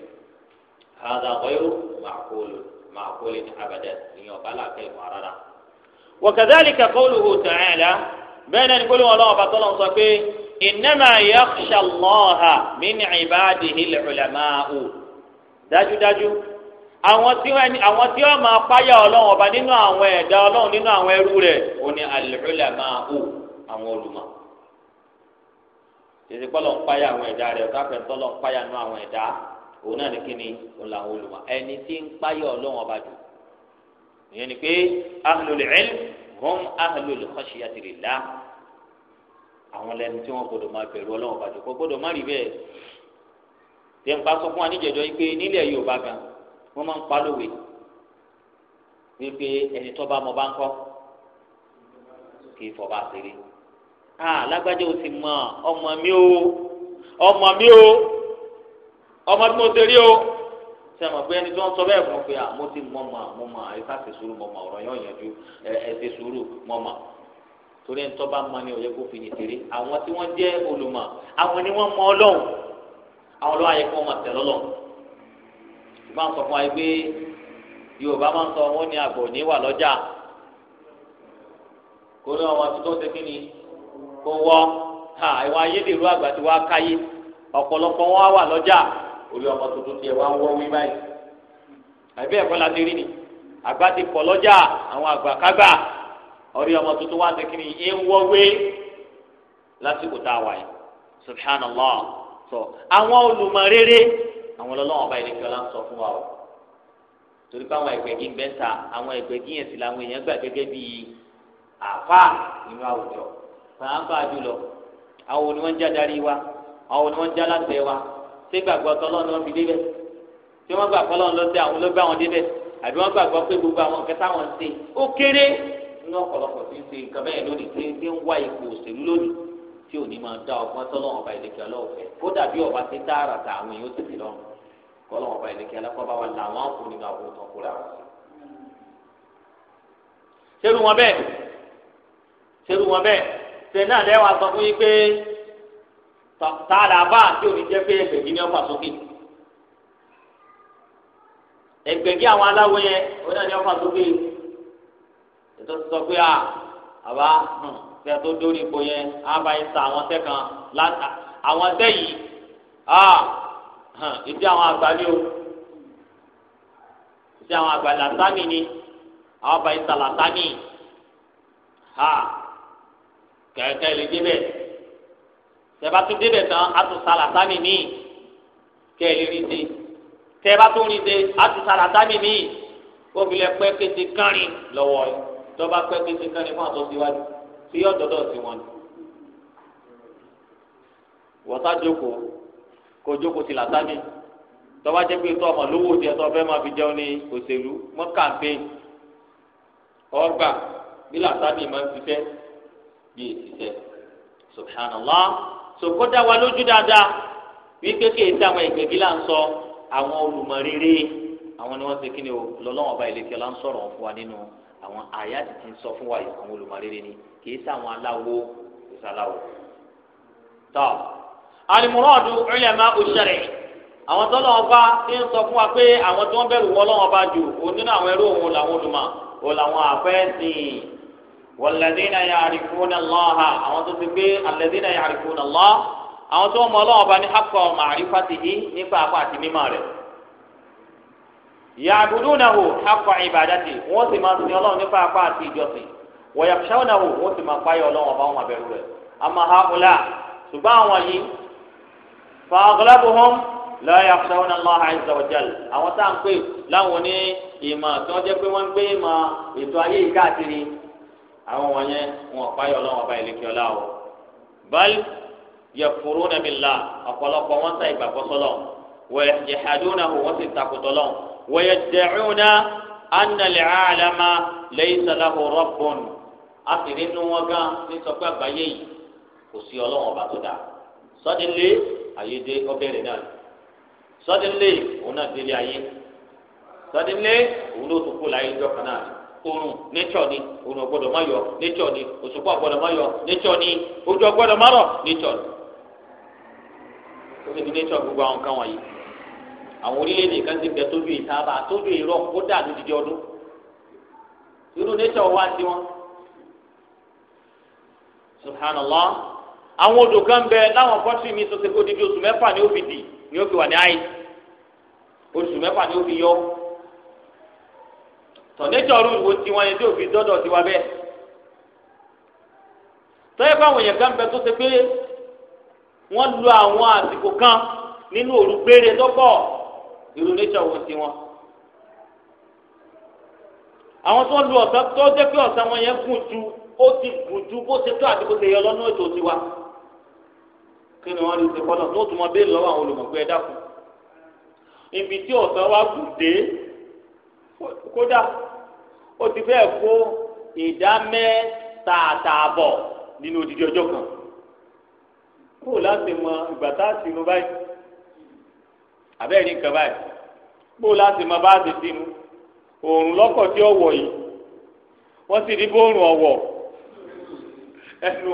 hadha ghayru ma'qulun ma'qulin abadan ìyẹn ọba làákẹ́ ìmọ̀ rárá. wa kadhalika qawluhu ta'ala bẹ́ẹ̀ náà ni gbólóhùn ọlọ́wọ́ bá tọ́lọ́ innama yakhsha Allaha min ibadihi al-ulama'u dájúdájú àwọn tí wọn àwọn tí wọn máa páyà Ọlọ́run ọba nínú àwọn ẹ̀dá Ọlọ́run nínú àwọn ẹrú rẹ̀ òní al-ulama'u àwọn olùmọ̀ tètè kọ́ lọ ń páyà àwọn ẹ̀dá rẹ̀ ọ̀tá fẹ̀tọ́ lọ ń páyà nínú àwọn ẹ̀dá òun náà ní kíni òun làwọn olùmọ̀ ẹni tí ń páyà Ọlọ́run ọba jù ìyẹn ni pé ahlul ilm hum ahlul khashiyati àwọn lẹni tí wọn gbọ́dọ̀ máa bẹ̀rù Ọlọ́run bàjẹ́ kó gbọ́dọ̀ má rí bẹ́ẹ̀ tẹ̀ ń pa sọ fún wa níjẹjọ yìí pé nílẹ̀ Yorùbá gan wọ́n máa ń pa lówe wípé ẹni tó bá mọ bá ń kọ́ kì í fọba àṣírí alágbájá o ti mọ ọmọ mi o ọmọ mi o ọmọ tí mo ti rí o ṣe mọ̀ pé ẹni tí wọ́n sọ bẹ́ẹ̀ fún un pé mo ti mọ̀ mọ̀ mo mọ̀ àyíká ti sùúrù mo mọ̀ ọ̀rọ̀ yẹn ò yẹn ju ẹ ti sùúrù mo mọ̀ torí ẹni tó bá mọ ni òye kó fi ní tèrè àwọn tí wọ́n jẹ́ olùmọ̀ àwọn ni wọ́n mọ ọlọ́run àwọn ló ayẹ kó wọn tẹ̀ lọ́lọ́ ìbá ń sọ fún wa pé yorùbá máa ń sọ wọn ní àgbò ní wà lọ́jà kó ní ọmọ tuntun ṣe kí ni kó wọ́ ha ìwà ayédèrú àgbà tí wàá káyé ọ̀pọ̀lọpọ̀ wọn wà lọ́jà orí ọmọ tuntun tiẹ̀ wá ń wọ́ wí báyìí àbí ẹ̀kọ́ la ti rí ni àgbà ti pọ̀ lọ́jà àwọn àgbà kágbà ọrí ọmọ tuntun wá sí kíni ẹ wọwé lásìkò tá a wà yìí subhanallah sọ àwọn olùmọ̀rẹ́rẹ́ àwọn ọlọ́wọ́n ọba ìdíkẹ́ ọlá ń sọ fún wa o torí pé àwọn ẹgbẹ́gí ń bẹ́ ta àwọn ẹgbẹ́gí yẹn sì làwọn èèyàn gbà gẹ́gẹ́ bí àfa nínú àwùjọ pàápàá jùlọ àwọn ni wọ́n jádarí wa àwọn ni wọ́n ń já láṣẹ wa ṣé gbàgbọ́ tọ́lọ́ ni wọ́n fi débẹ̀ ṣé wọ́n gbàgbọ́ lọ́n lọ́sẹ̀ àwọn ló gbà wọn débẹ̀ àbí wọ́n gbàgbọ́ pé gbogbo àwọn kẹta wọn ṣe ó kéré nínú ọ̀pọ̀lọpọ̀ tí ń ṣe nǹkan bẹ́ẹ̀ lónìí tí ń ń wá ipò òṣèlú lónìí tí ò ní máa dá ọgbọ́n tọ́lọ́wọ́n ọba ìlẹ̀kẹ́ ọlọ́ọ̀fẹ́ kó dàbí ọba tí dára ta àwọn èèyàn tètè lọ́rùn kọ́lọ́wọ́n ọba ìlẹ̀kẹ́ alákọ́bá wa làwọn àpò nínú àwọn òtàn kúra wọn. ṣerú wọn bẹ́ẹ̀ ṣerú wọn bẹ́ẹ̀ ṣe náà lẹ́wọ̀ sọ fún yín pé tààlà bá àti òní jẹ́ pé ẹgbẹ̀gì ní ọ̀fà sókè ẹgbẹ̀gì àwọn aláwọ̀ yẹn òní ètò sọ pé à àbá kí ẹ tó dórí ipò yẹn á bá yín sa àwọn tẹ́ kan láta àwọn tẹ́ yìí à ìdí àwọn àgbálẹ̀ o ìdí àwọn àgbálẹ̀ làtánì ni àwọn bá yín sa làtánì à kẹ̀kẹ́ lè débẹ̀ tẹ̀bá tún débẹ̀ tán á tún sa làtánì ní kẹ́ ẹ lè rí ṣe tẹ̀bá tún rí ṣe á tún sa làtánì ní kó fi lè pẹ́ kété kánrin lọ́wọ́ yìí tọ́ba pẹ́ kété kan ní fún àtọ́síwájú tí yóò dọ́dọ̀ sí wọn. wọ́tá jókòó kò jókòó sí làtàmì tọ́ba jẹ́ pé tó ọmọ lówó tiẹ̀ tó fẹ́ máa fi jẹun ní òṣèlú mọ́ kàmpéyìn ọgbà bí làtàmì máa ń ṣiṣẹ́ bí èsìṣẹ́ subhanallah sòkòdà wa lójú dáadáa wípé kí èsì àwọn ìgbẹ́gí là ń sọ àwọn olùmọ̀ rere àwọn ni wọ́n ti kí ni o lọ́lọ́wọ́n ìlẹ̀kẹ́ là ń sọ̀rọ̀ fún wa nínú àwọn àyà ti ti ń sọ fún wa yìí àwọn olùmọ̀rere ni kì í sáwọn aláwo kò sáláwo. tọ́ alimuradu ulama òṣèré àwọn tó lọ́wọ́ bá ti ń sọ fún wa pé àwọn tó ń bẹ̀rù wọn lọ́wọ́ bá jù òun nínú àwọn ẹrú òun làwọn olùmọ̀ òun làwọn àfẹ́sìn wàlẹ́dínà yàrìfúnà lọ́ha àwọn tó ti gbé àlẹ́dínà yàrìfúnà lọ́ àwọn tó mọ ọlọ́wọ́ bá ní akọ ya'budunahu haqqa ibadati wọ́n sì máa sin ọlọ́run nípa apá àti ìjọsìn wa yakhshawnahu wọ́n sì máa páyọ̀ ọlọ́run ọba wọn àbẹ̀rù rẹ̀ amma haula ṣùgbọ́n àwọn yìí fa aghlabuhum la yakhshawna Allaha azza wa jal àwọn tá à ń pè láwọn ní ìmọ̀ tí wọ́n jẹ́ pé wọ́n ń gbé ìmọ̀ ètò ayé yìí káàkiri àwọn wọ̀nyẹn wọn páyọ̀ ọlọ́run ọba ìlẹ́kẹ́ ọlá o bal yakfuruna billah wọn sá ìgbàgbọ́ sọ́lọ̀ ويدعون أن العالم ليس له رب أخيرين وقا نسوكا بيي وسي الله وباتودا suddenly ayé dé ọbẹ̀rẹ̀ náà suddenly òun náà délé ayé suddenly òun ló tún kó láyé jọ kan náà oorun nature ni oorun ọgbọ́dọ̀ má yọ nature ni òṣùpá ọgbọ́dọ̀ má nature ni ojú ọgbọ́dọ̀ má nature ni ó fi nature gbogbo àwọn kan wọ̀nyí àwọn orílẹ̀-èdè kan ti bẹ tóbi ìtaaba tóbi ìrọ̀ kó dà lódìdí ọdún irú nature wá sí wọn subhanallah àwọn odò kan bẹ láwọn kọ́ńtì mi tó ṣe kó dídí oṣù mẹ́fà ni ó fi dì ni ó fi wà ní àyè oṣù mẹ́fà ni ó fi yọ tọ̀ nature rú wo tiwọn yẹn tí òfin dọ́dọ̀ tiwa bẹ́ẹ̀ tọ́yẹ́ fún àwọn èèyàn kan bẹ tó ṣe pé wọ́n lu àwọn àsìkò kan nínú òru lọ́pọ̀ irú nature wo ti wọn. àwọn tó lu ọ̀sán tó jẹ́ pé ọ̀sán wọn yẹn gùn ju ó ti gùn ju bó ṣe tó àti bó ṣe yẹ lọ́nà ètò tiwa kí ni wọ́n lè ṣe kọ́nà tó tún mọ bẹ́ẹ̀ lọ́wọ́ àwọn olùmọ̀gbẹ́ ẹ̀dá kù ibi tí ọ̀sán wa gùn dé kódà ó ti fẹ́ kó ìdá mẹ́ta àtààbọ̀ nínú odidi ọjọ́ kan kó láti mọ ìgbà tá a sì mú báyìí Abe ní nǹkan báyìí bó láti ma baasi sí mu òòrùn lọ́kọ̀ tí ó yìí wọ́n sì rí bóòrùn ọ̀wọ̀ ẹnu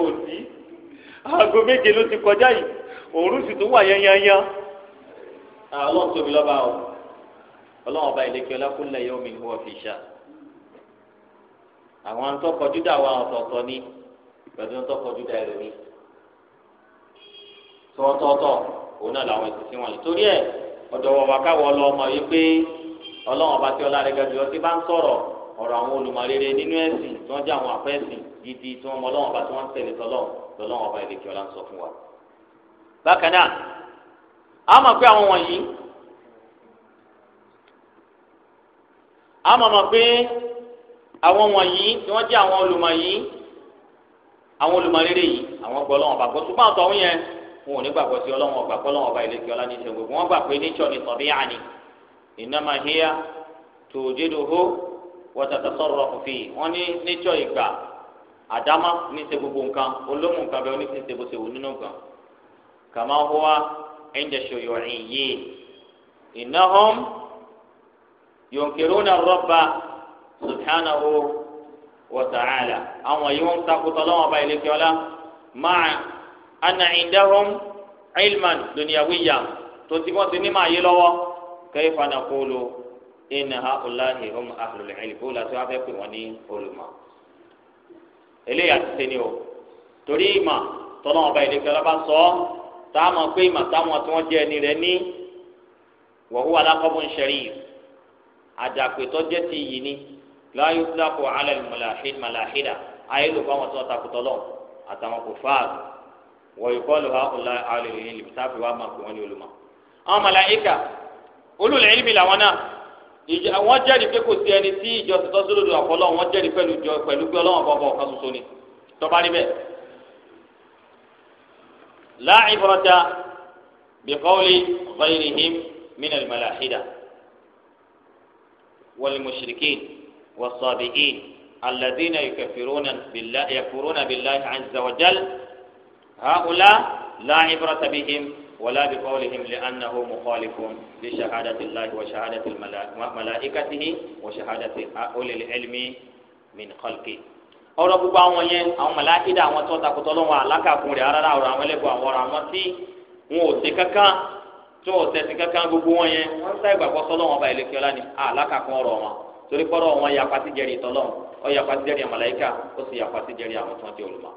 aago méje ló ti kọjá yìí òòrùn sì tún wà yányányá ah, ọlọ́run tóbi lọ́ba o ọlọ́run ọba ìlẹ́kẹ́ ọlákùnlé yóò mi Awọn fi ṣá àwọn àtọkọjú dà wà ọ̀tọ̀ọ̀tọ̀ ní pẹ̀lú àtọkọjú dà ẹ̀rọ ní òun náà làwọn ọ̀dọ̀ wọ̀wà káwọ́ ọlọ́mọ yìí pé ọlọ́run ọba tí ọlá rẹ̀ gàdú ọtí bá ń sọ̀rọ̀ ọ̀rọ̀ àwọn olùmọ̀rere nínú ẹ̀sìn tí wọ́n jẹ́ àwọn afẹ́sìn gidi tí wọ́n mọ ọlọ́run ọba tí wọ́n ń tẹ̀lé tọ́lọ́run tọ́lọ́run ọba ilé kí ọlá ń sọ fún wa. bákan náà a mọ̀ pé àwọn wọ̀nyí a mọ̀ mọ̀ pé àwọn wọ̀nyí tí wọ́n jẹ́ àwọn olùmọ̀ yìí àwọn olùmọ̀rere yìí àwọn gbọ́ ọlọ́run ọba gbọ́ wọn ò ní gbàgbọ́ sí ọlọ́wọ́n ọgbà kọ́ lọ́wọ́n ọba ìlẹ́kẹ́ ọlá ní ìṣẹ́ gbogbo wọn gbà pé nature ni tọ̀bí àní innama hiya tujiduhu wa tatasarrafu fihi wọn ní nature ìgbà àdámá ní ìṣe gbogbo nǹkan olómù nǹkan bẹ́ẹ̀ oníṣẹ́ ìṣe bó nínú gan kama huwa inda shuyu'iyyin innahum yunkiruna rabba subhanahu wa ta'ala ana indahum ilman dunyawiya tó ti wọn ti ní máa yé lọ́wọ́ kayfa naqulu inna haulahi hum ahlul ilm kó la tó wá fẹ́ pè wọ́n ní olùmọ̀ eléyà ti sẹ́ni o torí ìmọ̀ tọ́lọ́ ọba ìdèkẹ́ lọ́ba sọ ọ́ tá a mọ̀ pé ìmọ̀ táwọn tí wọ́n jẹ́ ẹni rẹ̀ ní wa huwa laqabun sharif àdàpè tó jẹ́ ti yìí ni la yutlaqu ala al-mulahid malahida ayélujára wọn tó takùtọ̀ lọ àtàwọn kò fáàlù wọ́n yìí kọ́lù ha ọ̀la àlè yìí lè tá a fi wá máa pè wọ́n ní olùmọ̀. àwọn màláíkà olùlẹ̀ ìlmi làwọn náà ìjọ wọ́n jẹ́rìí pé kò sí ẹni tí ìjọ tuntun sí lòdù àfọlọ́ wọ́n jẹ́rìí pẹ̀lú jọ pẹ̀lú pé ọlọ́wọ́n bọ̀ bọ̀ ọ̀kan ṣoṣo ni tọ́ba rí bẹ́ẹ̀. la ibrata bi qawli ghayrihim min al-malahida wal-mushrikin was هؤلاء لا عبرة بهم ولا بقولهم لأنه مخالف لشهادة الله وشهادة ملائكته وشهادة أولي العلم من خلقه ọ̀rọ̀ gbogbo àwọn yẹn àwọn màláíkà àwọn tó takùtọ lọ́wọ́ alákàkùn rẹ arára ọ̀rọ̀ àwọn ẹlẹgbẹ́ àwọn ọ̀rọ̀ àwọn tí wọn ò ṣe kankan tó ò ṣẹ̀sìn kankan gbogbo wọn yẹn wọn sá ìgbàgbọ́ sọ́lọ́run ọba ìlẹkẹ ọlá ni alákàkùn ọ̀rọ̀ wọn torí pọrọ wọn yapa ti jẹ́rìí tọlọ́run ó yapa ti jẹ́rìí màláíkà ó sì yapa ti jẹ́rìí àwọn tó ń tẹ olùmọ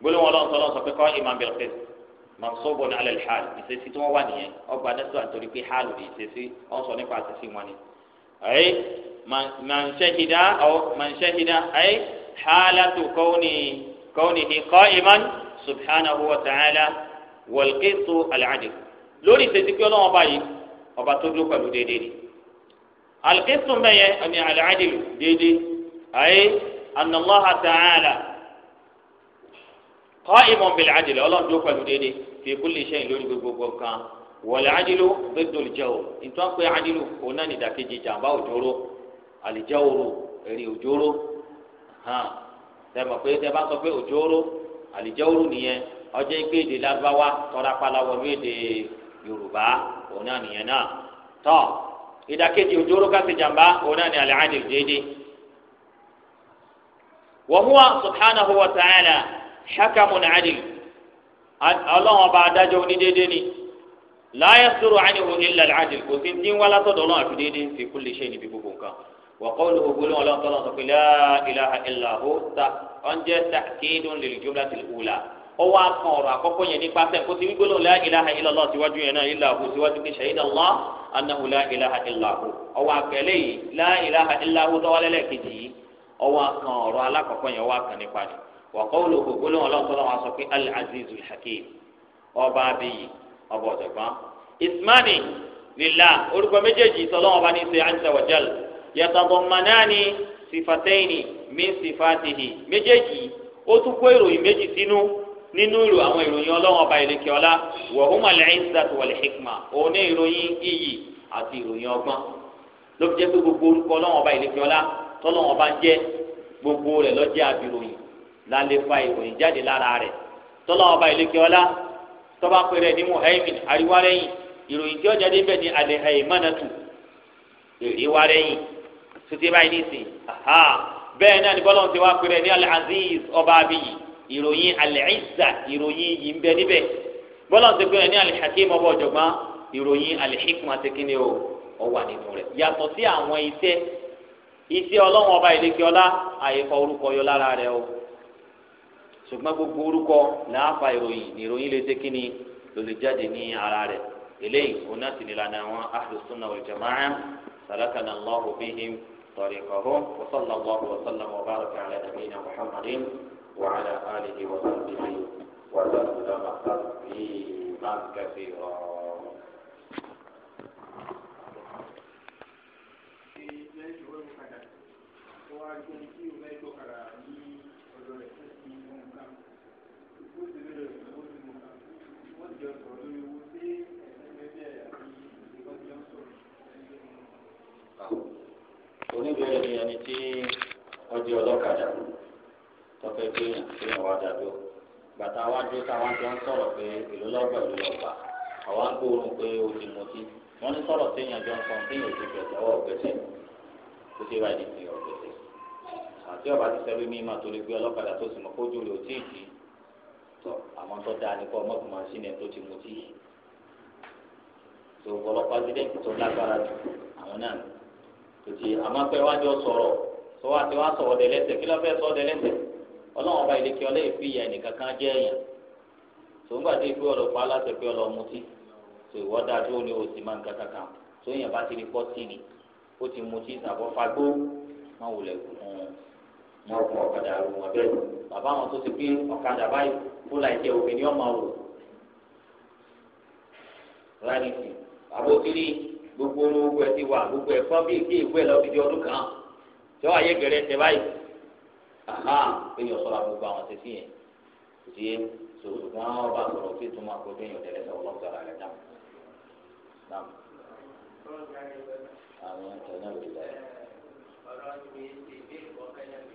gbólóhùn ọlọ́run sọlọ́run sọ pé kọ́ imam bilqis mansobo ní alẹ́ hal ìṣesí tí wọ́n wà nìyẹn ọgbà nẹ́sọ̀ àtòrí pé hal ní ìṣesí wọ́n sọ nípa àṣìṣe wọn ni. ẹ manṣẹ́hìdá ọ manṣẹ́hìdá ẹ haalatu kọ́ni kọ́ni ní kọ́ iman subhanahu wa ta'ala wọlkéso aládìg lórí ìṣesí pé ọlọ́run ọba yìí ọba tó dúró pẹ̀lú déédéé ni. alkéso mẹ́yẹ ẹni aládìg déédéé ẹ anallaha ta'ala. qa'imun bil 'adl ọlọ́run tó pẹ̀lú déédéé fi kulli shay'in lórí gbogbo kan wal 'adlu diddul jawr nítorí pé àdìlú òun náà nìdàkejì jàǹbá òjòrò àlìjáwòrò èrè òjòrò hàn tẹ̀mọ̀ pé hakamun adil ọlọ́run ọba adájọ́ onídéédé ni la yasuru anhu illa al-adl kò sí dín wálá tọ̀dọ̀ ọlọ́run àfi déédé ń fi kulli shay níbi gbogbo nǹkan wa qawluhu gbólóhùn ọlọ́run tọ́lọ́ sọ pé la ilaha illa hu ta ọ̀njẹ́ ta'kidun lil jumlatil ula ọwọ́ akàn ọ̀rọ̀ àkọ́kọ́ yẹn nípa sẹ́yìn kó ti wí gbólóhùn la ilaha illa Allah síwájú yẹn náà illa hu síwájú pé shahida Allah annahu la ilaha illa hu ọwọ́ akẹ́lẹ́ yìí la ilaha illa hu tọ́wálẹ́lẹ́ kejì yìí ọwọ́ akàn ọ̀rọ̀ alákọ̀ọ́kọ́ yẹn ọwọ́ akàn nípa rẹ̀ wọ́kọ́wọ́lò gbogbolóhùn ọlọ́sọ́lọ́ wọn sọ pé al-azizu al-hakim ọba abiyi ọba ọ̀jọ̀gbọ́n ismani lillah orúkọ méjèèjì sọlọ́wọ́n bá ní ṣe azza wa jal yatadammanani sifatayni min sifatihi méjèèjì ó tún kó ìròyìn méjì sínú nínú ìrò àwọn ìròyìn ọlọ́wọ́n ọba ìlẹ̀kẹ́ ọlá wa huma al-izzatu wal-hikma òun ní ìròyìn iyì àti ìròyìn ọgbọ́n ló fi jẹ́ pé gbogbo orúkọ ọlọ́wọ́n ọba ìlẹ̀kẹ́ ọlá tọ́lọ́wọ́n ọba jẹ́ gbogbo rẹ̀ lọ́jẹ́ àbíròyìn lálẹ́ fa ìròyìn jáde lára rẹ̀ tọ́lá ọba ìlékè ọlá tọ́ba péré ní muhaimin àríwárẹ́yìn ìròyìn tí ó jáde bẹ́ẹ̀ ni alẹ́ àìmánàtù ìríwárẹ́yìn títí báyìí nísìn bẹ́ẹ̀ náà ni bọ́lá ti wá péré ní alẹ́ aziz ọba abiyi ìròyìn alẹ́ ìsà ìròyìn yìí ń bẹ níbẹ̀ bọ́lá ti péré ní alẹ́ hakim ọba ọ̀jọ̀gbọ́n ìròyìn alẹ́ hikma kíni o ó wà nínú rẹ̀ yàtọ̀ sí àwọn iṣẹ́ iṣẹ́ ọlọ́run ọba ìlékè ọlá àyẹ̀kọ́ ṣùgbọ́n gbogbo orúkọ làáfà ìròyìn ìròyìn lè ṣe kíni ló lè jáde ní ara rẹ̀ eléyìí òun náà sì ní lànà àwọn ahlus sunnah wal jama'ah salakana Allahu bihim tariqahum wa sallallahu wa sallam wa baraka ala nabiyyina Muhammadin wa ala alihi wa sahbihi wa sallama taslima kathira. Thank you. oníbẹ̀rẹ̀ ni ẹni tí wọ́n jẹ́ ọlọ́kadà tọ́fẹ́ gbéyàn gbéyàn wá dàbíọ́ bàtà wá dé táwọn jọ ń sọ̀rọ̀ pé ìlú lọ́gbà ìlú lọ́gbà àwa ń gbóòórùn pé o ti mutí wọ́n ní sọ̀rọ̀ téèyàn jọ ń sọ téèyàn ti gbẹ̀sẹ̀ ọwọ́ ọ̀gbẹ́sẹ̀ tó ṣe wáyé ti ọ̀gbẹ́sẹ̀ àti ọ̀bá ti sẹ́rí mímọ́ torí gbé ọlọ́kadà tó sì mọ́ kójú rẹ̀ ò tíì tọ àwọn tó dáa ní kọ ọmọ kùmà sí ni tó ti mú tí tó ọ̀pọ̀lọpọ̀ asidẹnti tó lágbára jù àwọn náà tó ti àmọ́ pé wájú sọ̀rọ̀ tó wá ti wá sọ̀rọ̀ dẹlẹsẹ kí ló fẹ́ sọ dẹlẹsẹ Ọlọ́run ọba ìlẹkẹ ọlẹyìn fi ìyá ẹnìkan kan jẹ èèyàn tó ń gbàdé pé ọlọ́pàá aláṣẹ pé ọlọmú tí tó ìwọ dáa tó ní oṣù máa ń kankan tó yẹn bá ti rí pọ́tì ni ó ti mú tí ìsàbọ̀ fagbó máa wulẹ̀ fún un wọn kọ ọ̀kadà rò wọn bẹ́ẹ̀ bàbá wọn tó ti pín ọ̀kadà báyìí fún láìpẹ́ obìnrin ọmọ rò rárítì bàbá òkìlì gbogbo gbogbo ẹ ti wà gbogbo ẹ fọ́n bíi kí ìwé lọ fi di ọdún kan tí wọ́n ayé gẹ̀rẹ́ tẹ báyìí aha péyàn sọ̀rọ̀ gbogbo àwọn ti fi yẹn kò sí sòṣùgbọ́n àwọn bá sọ̀rọ̀ sí ìtumọ̀ àpò péyàn tẹ̀lé sọ̀rọ̀ lọ́sọ̀rọ̀ rẹ̀ náà. Nam. Àwọn ẹ̀ka náà lè dá yẹn. Ọ̀rọ̀ ìgbésẹ̀ ìgbésẹ̀ ìgbọ́kẹ́yà mi.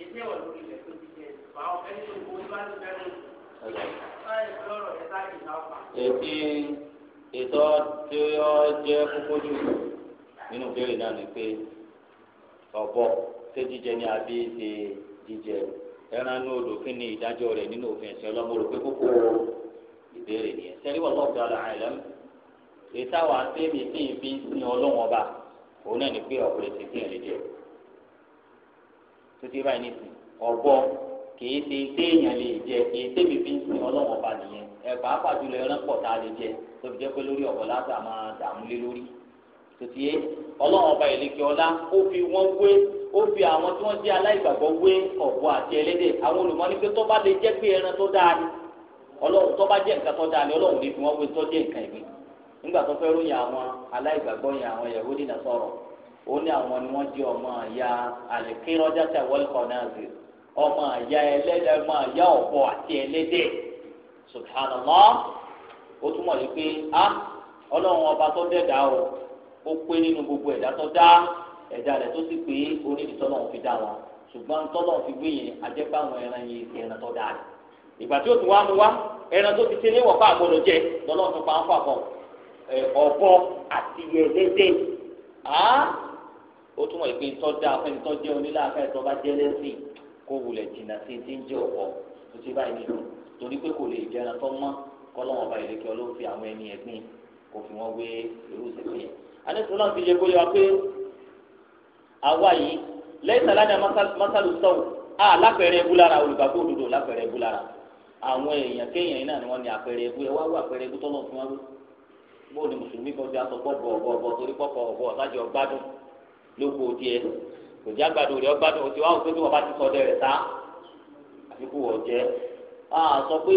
èyí tẹ́ wọ̀ lórí ilẹ̀ tó ti jẹ ìfà ọ̀ ẹni tó kó bá ti bẹ́ẹ̀ Èti ìtọ́ tí ó jẹ́ kókó jù nínú ìbéèrè náà ni pé ọ̀bọ ṣé jíjẹ ni àbí ṣe jíjẹ ẹran ní odò kí ni ìdájọ́ rẹ̀ nínú òfin ẹ̀sìn ọlọ́mọ rò pé kókó ìbéèrè nìyẹn. Sẹ́ni wọ́n lọ́ọ̀dọ̀ ara rẹ̀ lẹ́nu. Ètò àwọn àti èmi tí ì fi ọlọ́wọ́n ọba òun náà ni pé ọ̀pọ̀lọpọ̀ ti fi hàn lè jẹ́. tó ti báyìí nìsín ọ̀bọ kìí ṣe ètè èèyàn lè jẹ ètè ń ọba nìyẹn ẹ pàápàá jùlọ ẹran pọ̀ tá a lè jẹ tó fi pé lórí ọ̀bọ látà fi wọ́n ó fi àwọn tí wọ́n jẹ́ aláìgbàgbọ́ ọ̀bọ àti ẹlẹ́dẹ̀ àwọn olùmọ́ni pé lè jẹ́ pé ẹran tó dáa ni jẹ́ nǹkan tó dáa ni lè fi wọ́n nǹkan nígbà ó ní àwọn ni wọ́n jẹ́ ọmọ àyà àlèkérọ́jàtà wọ́lkọ̀nàzì ọmọ àyà ẹlẹ́dẹ̀ ọmọ àyà ọ̀pọ̀ àti ẹlẹ́dẹ̀ subhanallah ó túmọ̀ pé a ah, ọlọ́run ọba tó dẹ̀dá o ó pé nínú gbogbo ẹ̀dá tó dá ẹ̀dá rẹ̀ tó sì pé onídìí tọ́lọ́run fi dá wọn ṣùgbọ́n tọ́lọ́run fi gbé yẹn ajẹ́pẹ́ àwọn ẹran yìí ti ẹran tó dá rẹ̀ ìgbà tí ó tún wá mu wá ti ṣe léwọ̀ ó túmọ̀ ìpè ńtọ́jú afẹ́ni tọ́jú onílàáfẹ́ tó bá jẹ́ lẹ́sìn kó wulẹ̀ jìnnà sí ti ń jẹ́ ọ̀pọ̀ tó ti báyìí nínú torí pé kò lè jẹran tó mọ́ kọ́lọ́mọ ọba ìlẹ́kẹ́ ọlọ́run fi àwọn ẹni ẹ̀gbìn kò fi wọ́n wé irú ìsẹ̀kùn yẹn. anẹ́sùn náà fi yẹ kó yẹ wa pé àwa yìí lẹ́yìn sàládà mọ́sálù sọ̀wọ́ a lápẹ̀rẹ̀ ebú lára olùgbàgbọ́ òdodo lápẹ̀rẹ̀ ebú lára àwọn èèyàn kéèyàn náà ni wọ́n ní àpẹẹrẹ ebú ẹ wá wá àpẹẹrẹ ebú tọ́lọ̀ fún wa bó ni mùsùlùmí kan fi aṣọ pọ̀ bọ̀ bọ̀ bọ̀ torí pọ̀ bọ̀ bọ̀ sájọ gbádùn lóko díẹ̀ kò jẹ́ àgbàdo rẹ̀ ọgbàdo òtí wọn òtí wọn bá ti sọdẹ rẹ̀ tán àfikú ọ̀jẹ́ àà sọ pé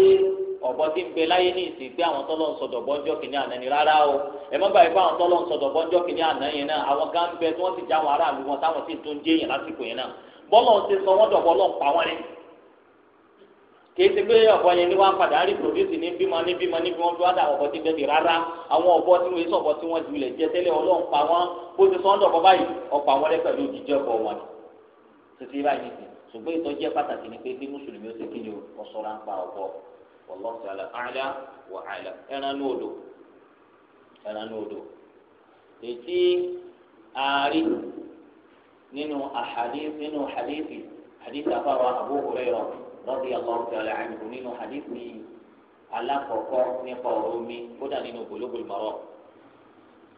ọ̀bọ tí ń bẹ láyé ní ìsìn pé àwọn tọ́lọ̀ ń sọdọ̀ bọ́njọ́ kìíní àná ni rárá o ẹ mọ́ gbàgbé pé àwọn tọ́lọ̀ ń sọdọ̀ bọ́njọ́ kìíní àná yẹn náà àwọn gan bẹ tí wọ́n ti já wọn aráàlú wọn táwọn sì lásìkò ni padà rí ní bímọ ní àwọn ọ̀bọ tí wọ́n sọ̀bọ tí wọ́n ju ilẹ̀ jẹ tẹ́lẹ̀ ọlọ́run pa wọ́n bó ti sọ́ńdọ̀ bọ́ báyìí ọ̀pọ̀ àwọn rẹ pẹ̀lú òjijì ọ̀bọ wọn ni títí báyìí nìsín ṣùgbọ́n ìtọ́ jẹ́ pàtàkì ni pé bí mùsùlùmí ó ṣe kí ni ó sọ̀rọ̀ à ń pa ọ̀bọ wọ́lọ́sọ̀ àlà àlà wà àlà ẹran ní alákọ̀ọ́kọ́ nípa ọ̀rọ̀ omi kódà nínú Bulughul Maram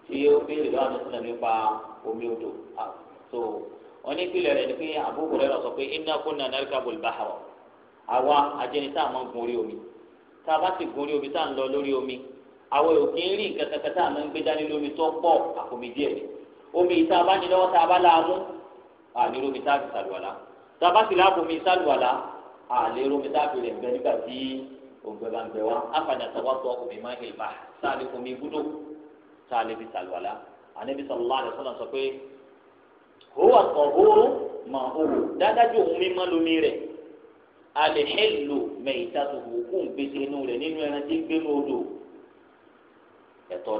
tí ó béèrè lọ́wọ́ àmì sílẹ̀ nípa omi odò so onípìlẹ̀ rẹ̀ ni pé Abu Hurairah sọ pé inna kunna narkabul bahra àwa ajẹni tá a máa ń gun orí omi tá a bá ti gun orí omi tá a ń lọ lórí omi àwọn òkè ń rí nǹkan tá a máa ń gbé dání lómi tó pọ̀ àkómi díẹ̀ ni omi ìta bá ní lọ́wọ́ tá a bá láàmú àní lómi tá a fi sàlùwàlá tá a bá sì láàbù omi sàlùwàlá àlè lómi tá a fi rẹ̀ ń nígbà tí ògbẹ bá ń gbẹ wá afadà tàwa tó omi máa hìl bá sáàlì omi gbúdọ̀ sáàlì fi sàlùwàlá ànábi sallallahu alaihi wasallam sọ pé huwa tahuru mà òwò dáadájú òun mímọ́ lómi rẹ̀ alihillu maytatuhu kún gbèsè inú rẹ̀ nínú ẹran tí gbénu odò ẹ̀tọ́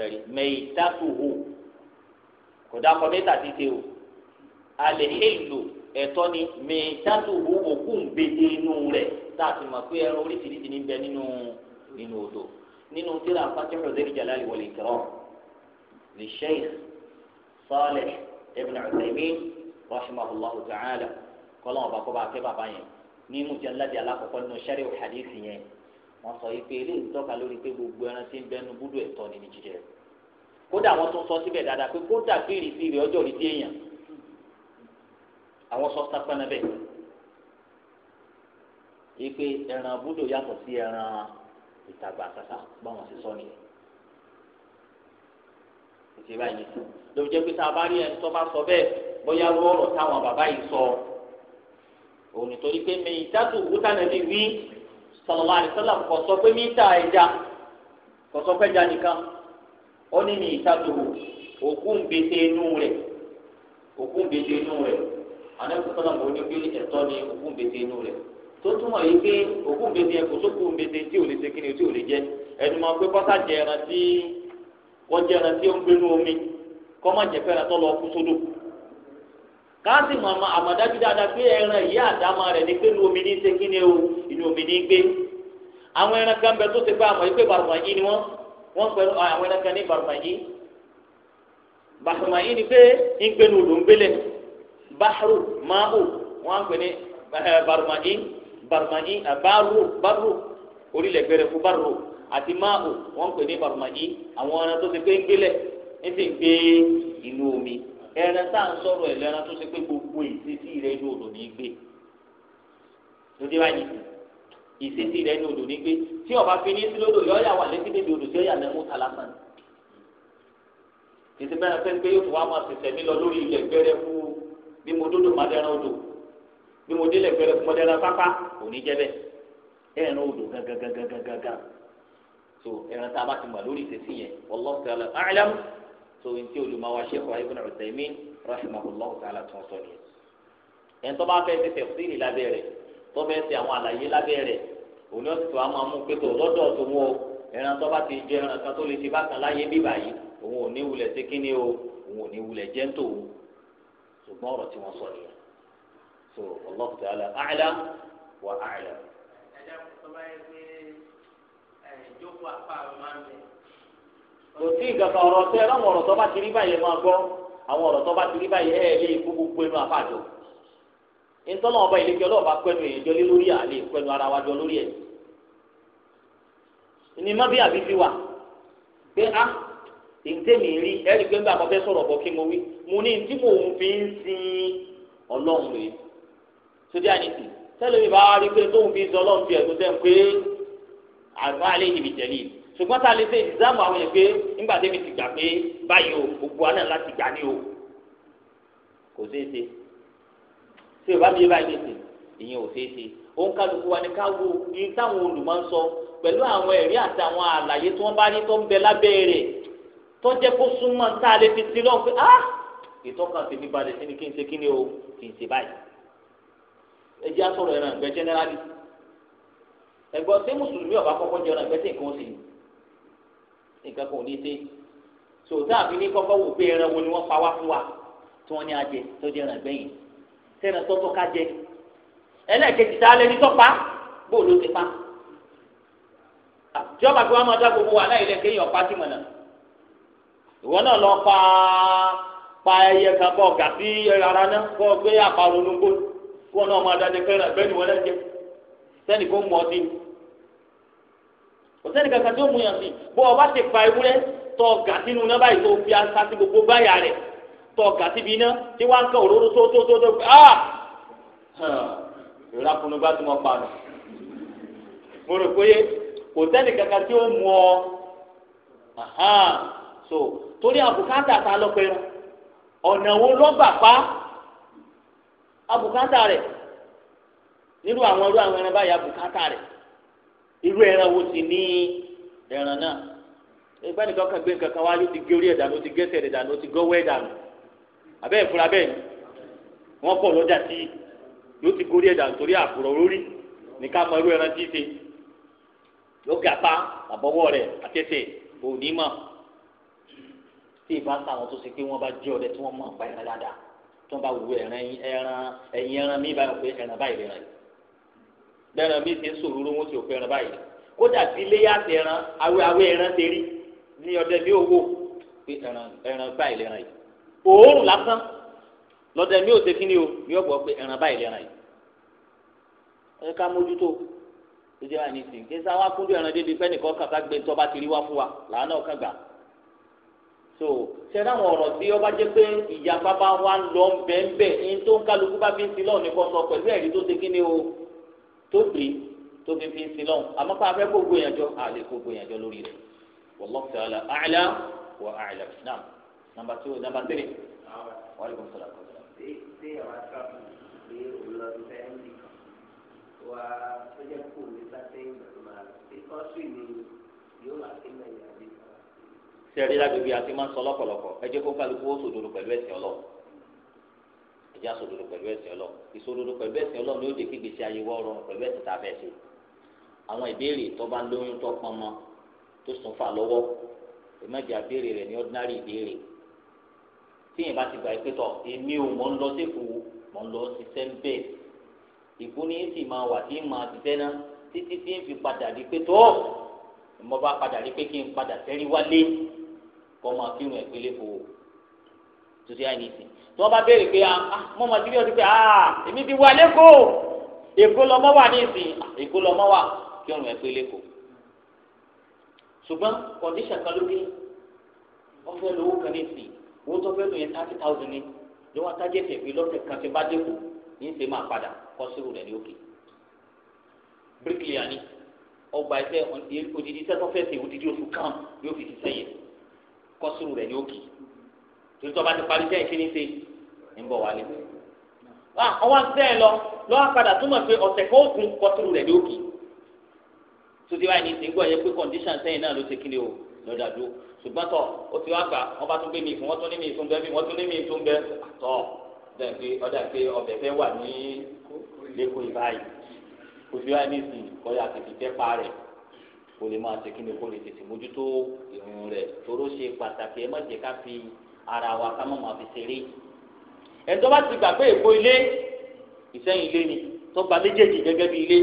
rẹ̀ maytatuhu kò dá kọ́ mẹ́ta títí o alihillu ẹ̀tọ́ ni maytatuhu òkú gbèsè inú rẹ̀ tá a ti mọ̀ pé ẹran oríṣiríṣi ní bẹ nínú nínú odò nínú tíra fatihu zeri jalali wal ikram li sheikh salih ibn Uthaymin rahimahullahu ta'ala kọ́lọ́n ọba kọ́ba akẹ́ bàbá yẹn ní mujalladi alákọ̀ọ́kọ́ nínú sẹ́rí hadith yẹn wọ́n sọ yìí pé eléyìí tọ́ka lórí pé gbogbo ẹran tí ń bẹ nínú búdú ẹ̀tọ́ ni jíjẹ kódà wọ́n tún sọ síbẹ̀ dáadáa pé kódà kí rẹ̀ ọjọ́ ìrísí èèyàn àwọn sọ sápẹ́ náà bẹ́ẹ̀ ipe ẹran búdò yàtọ̀ sí ẹran ìtagbà sàṣà báwọn ṣe sọ nìyẹn ìṣe báyìí ní sùn ló pé rí ẹni tó bá sọ bẹ́ẹ̀ bóyá táwọn bàbá yìí sọ pé mi òkúta nàbí wí kò sọ pé mi ẹja kò sọ pé ẹja nìkan ó ní mi ìdátò òkú ń bete inú rẹ̀ òkú ń bete inú rẹ̀ àná ní tó túmọ̀ yìí pé òkú mbete ẹ̀kọ́ sókú mbete tí ò lè ṣe kíni tí ò lè jẹ ẹnu máa pé kọ́sá jẹ ẹran tí wọ́n jẹ ẹran tí ó ń gbénu omi kọ́ má jẹ fẹ́ràn tó lọ kú sódò káàsì màmá àmọ̀dájú dáadáa pé ẹran yìí àdámà rẹ̀ ní pé inú omi ní ṣe kíni o inú omi ní gbé àwọn ẹran kan bẹ tó ṣe pé àmọ̀ yìí pé bàrùmà yìí ni wọ́n wọ́n pẹ̀lú àwọn ẹran kan ní bàrùmà yìí bàrùmà yìí ni pé ń gbénu odò ń gbélé báhárù máàbù wọ́n á pè ní eh, bàrùmà yìí barmani eh, baru baro orílẹ̀ gbẹrẹ fún baru, àti máàbù wọ́n ń pè ní barmani àwọn ẹran tó ti pé ń gbélẹ̀ ń sì ń gbé inú omi ẹran tá à ń sọ̀rọ̀ ẹ̀ lẹ́ran tó ti pé gbogbo ìṣesí rẹ̀ inú odò ní gbé lóde báyìí ìṣesí rẹ̀ inú odò ní gbé tí ọba fi ní sílódò yọ̀ọ́yà wà létí níbi odò tí ó yà lẹ́mú talásán ìṣèpẹ́ ẹ̀rọ pé yóò tún wá máa ṣẹ̀ṣẹ̀ mí lọ lórí ilẹ̀ gbẹrẹ fún bí mo dódò má odò bí mo délé pẹ̀lú ọmọdé la pápá kò ní jẹ bẹ́ẹ̀ ẹran odò gangangangangangan so ẹran tá a bá ti mọ lórí ìṣesí yẹn wallahu ta'ala a'lam so n tí olùmọwà Sheikh Ibn Uthaymeen rahimahullahu ta'ala tó ń sọ nìyẹn ẹn tó bá fẹ́ ṣe tẹ̀síìlì lábẹ́ rẹ̀ tó fẹ́ ṣe àwọn àlàyé lábẹ́ rẹ̀ òní ọ̀sìn tó a máa mú pé tó lọ́dọ̀ tó wọ́n ẹran tó bá ti jẹ ẹran kan tó lè ṣe bákan láyé bíbá yìí òun ò ní wulẹ̀ sí o òun ò ní wulẹ̀ jẹ́ ń ṣùgbọ́n ọ̀rọ̀ tí wọ́n sọ nìyẹn so Allahu ta'ala a'lam wa a'lam. ẹja kò bá yẹ pé ìjókòó apá àwọn máa ń sí ìgbàgbọ́ ọ̀rọ̀ tẹ ẹ̀rọ ọ̀rọ̀ tó bá ti rí báyẹn máa ọba ọlọ́ọ̀bá lórí àlè pẹ́nu ara wa jọ lórí ẹ̀. ni má bí àbí fi wà pé á ah, ìtẹ́mi rí ẹ̀rí pé sọ̀rọ̀ bọ̀ kí mo wí fi ń sin sójú àníkì tẹ́lẹ̀ mi bá wá rí pé tóun fi ń sọ ọlọ́run fi ẹ̀sùn sẹ́yìn pé àgbà alẹ́ yìí mi jẹ̀lì ṣùgbọ́n tá a lè ṣe ìdìzámù àwọn yẹn pé nígbà tẹ́mi ti gbà pé báyìí o gbogbo àná láti gbà ní o kò ṣeé ṣe ṣé o bá mi yé báyìí ṣe ìyẹn ò ṣeé ṣe òun kálukú wa ni ká wo ní táwọn olùmọ̀ ń sọ pẹ̀lú àwọn ẹ̀rí àtàwọn àlàyé tí wọ́n bá ní tó ń bẹ lábẹ́ rẹ̀ tó jẹ́ kó súnmọ́ tá a lè fi sí lọ́n pé ah ìtọ́ka tèmi balẹ̀ sí ni kí n ṣe kí ni o kì í ṣe báyìí ẹjẹ asọ̀rọ̀ ẹran ìgbẹ́ jẹ́nẹ́rálì ẹ̀gbọ́n ṣé mùsùlùmí ọba kọ́kọ́ jẹ ọ̀nà ìgbẹ́ tí nǹkan ó sì ní nǹkan kan ò ní ṣe sòtá àfi ní kọ́kọ́ wò pé ẹran wo ni wọ́n pa wá fún wa tí wọ́n ní ajẹ tó jẹ ẹran ìgbẹ́ yìí sẹ́ran tọ́tọ́ ká jẹ ẹlẹ́ẹ̀kejì tá a lẹ́ni tó pa bóòlù ti pa tí ọba tí wọ́n máa dá gbogbo wa láyé lẹ́kẹ́ yìí ọ̀pá sí mọ̀nà ìwọ náà lọ pa pa ẹyẹ kan kọ́ gàtí ara náà kọ́ gbé àparò olóńgbò kí wọn náà máa dájẹ kẹrẹ àgbẹni wọn lẹjẹ sẹni kó mú ọtí kò sẹni kankan tó mú yàn sí bó ọba ti pa ewúrẹ́ tọ ọgà sínú náà báyìí tó fi asa sí gbogbo báyà rẹ tọ ọgà síbi iná tí wọn kàn òróró tó tó tó tó ah ìrora kunu bá tún mọ pa nù mo rò pé kò sẹni kankan tí ó mú ọ so torí àbùkátà ta lọ pẹ̀lú ọ̀nà wo lọ́gbà pa abùkátà rẹ̀ nírú àwọn irú àwọn ẹran báyìí abùkátà rẹ̀ irú ẹran wo sì ní ẹran náà ìgbà nìkan kan gbé nǹkan kan wá ló ti gé orí ẹ̀ dànù ó ti gẹ́sẹ̀ rẹ̀ dànù ó ti gọ́wọ́ ẹ̀ dànù abẹ́ ìfura bẹ́ẹ̀ ni wọ́n pọ̀ lọ́jà sí yóò ti gorí ẹ̀ dànù torí àbùrọ̀ lórí nìkan mọ irú ẹran tí ì ṣe yóò gàpá àbọ̀wọ́ rẹ̀ àtẹ̀tẹ̀ òní mọ̀ tí ìbá sáwọn tó ṣe pé wọ́n bá jẹ́ ọ̀rẹ́ tí wọ́n mọ̀ pa ẹ̀rẹ́ dáadáa tó bá wu ẹran ẹran ẹyin ẹran mi bá yọ pé ẹran báyìí lè ràn yìí lẹ́ran mi ti ń sòrúurú wọn ti ò pé ẹran báyìí kódà tí ilé yá ti ẹran awé awé ẹran ti rí ní ọdẹ mi ò wò pé ẹran ẹran báyìí lè ràn òórùn lásán lọdẹ mi ò ṣe kí ni o mi ò gbọ́ pé ẹran báyìí lè ràn yìí ẹ ká mójútó ó jẹ́ àìní sìn kí n sá wá kúndùn ẹran débi fẹ́nìkan kàkà gbé tọ́ bá ti rí wá fún wa làánà ọ̀kàgbà so ṣe dáhùn ọ̀rọ̀ tí ọba jẹ́ pé ìyapa bá wà lọ bẹ́ẹ̀nbẹ́ ẹni tó ń kálukú bá fi ń sin lọ́ọ̀ ní kọ́ pẹ̀lú ẹ̀rí tó ṣe kíni o tó bì í tó fi fi ń sin lọ́ọ̀ àmọ́ pa afẹ́ gbogbo yẹn jọ àlè gbogbo yẹn jọ lórí rẹ̀ wallahu ta'ala a'la wa a'lam naam nàmbà tó nàmbà tẹ̀lé. wà lè kọ́ sọ̀rọ̀ sẹ́rí lágbègbè àti máa ń sọ lọ́pọ̀lọpọ̀ ẹ jẹ́ kó kálukú ó sòdodo pẹ̀lú ẹ̀sìn ọlọ́ ẹ jẹ́ àsòdodo pẹ̀lú ẹ̀sìn ọlọ́ ìsòdodo pẹ̀lú ẹ̀sìn ọlọ́ ni ó de kígbèsè ayé wọ́ ọrọ̀ pẹ̀lú ẹ̀sìn tá a fẹ́ ṣe àwọn ìbéèrè tó bá lóyún tó pọn mọ́ tó sùn fà lọ́wọ́ ìmọ̀jà béèrè rẹ̀ ní ordinary ìbéèrè tíyìn bá ti gbà pé tọ̀ èmi ò mọ̀ ń lọ sẹ́kù mọ̀ ń lọ ṣiṣẹ́ ń bẹ̀ sì máa wà tí màá ṣiṣẹ́ náà títí tí ń fi padà rí pé tó mo bá padà rí pé kí n padà sẹ́rí wálé kọ́ máa kírun ẹ̀ pélé fo tuntun yà ní ìsìn tí wọ́n bá béèrè pé mọ́ máa jírí ọdún pé ah, èmi ti wà lẹ́kọ̀ọ́ èkó lọ́mọ́ wà ní ìsìn ah, èkó lọ́mọ́ wà kírun ẹ̀ pélé fo ṣùgbọ́n kọ̀díṣà kan ló dé wọ́n fẹ́ lówó kan ní ìsìn owó tó fẹ́ lò yẹn thirty thousand ni ló wá tájẹ́ tẹ̀fí lọ́sẹ̀ kan ti bá dẹ́kù ní ìsìn máa padà kọ́ sírù rẹ̀ ní òkè bíríkìlì àní ọgbà ẹsẹ̀ odidi iṣẹ́ tó oṣù kan yóò fi ṣiṣẹ́ yẹn kọ́sùrù rẹ̀ ní òkè torí tọ́ba ti parí sẹ́yìn kíní ṣe ń bọ̀ wálé. ọwọ́ ah, sẹ́yìn lọ lọ́wọ́ padà túmọ̀ pé ọ̀sẹ̀ kan ó kún kọ́sùrù rẹ̀ ní òkè tó ti báyìí ní ìsìn gbọ́ yẹ pé condition sẹ́yìn náà ló ṣe kíni o lọ́dà dúró ṣùgbọ́n tọ̀ ó ti wá gbà wọ́n bá tún gbé mi fún wọ́n tún ní mi fún bẹ́ẹ̀ bí wọ́n tún ní mi fún bẹ́ẹ̀ tọ̀ ọ̀dà pé ọbẹ̀ fẹ́ wà ní lẹ́kọ̀ọ́ ìbáyìí kò sí wáyé ní ìsìn kọ́yà tètè tẹ́ pa rẹ̀ kó lè máa ṣe ni kó lè tètè mójútó ìrun rẹ̀ toró ṣe pàtàkì ẹ má jẹ́ ká fi ara wa ká má máa fi ṣeré ẹ̀tọ́ bá ti gbà pé èkó ilé ìsẹ́yìn ilé ni tó gba méjèèjì gẹ́gẹ́ bí ilé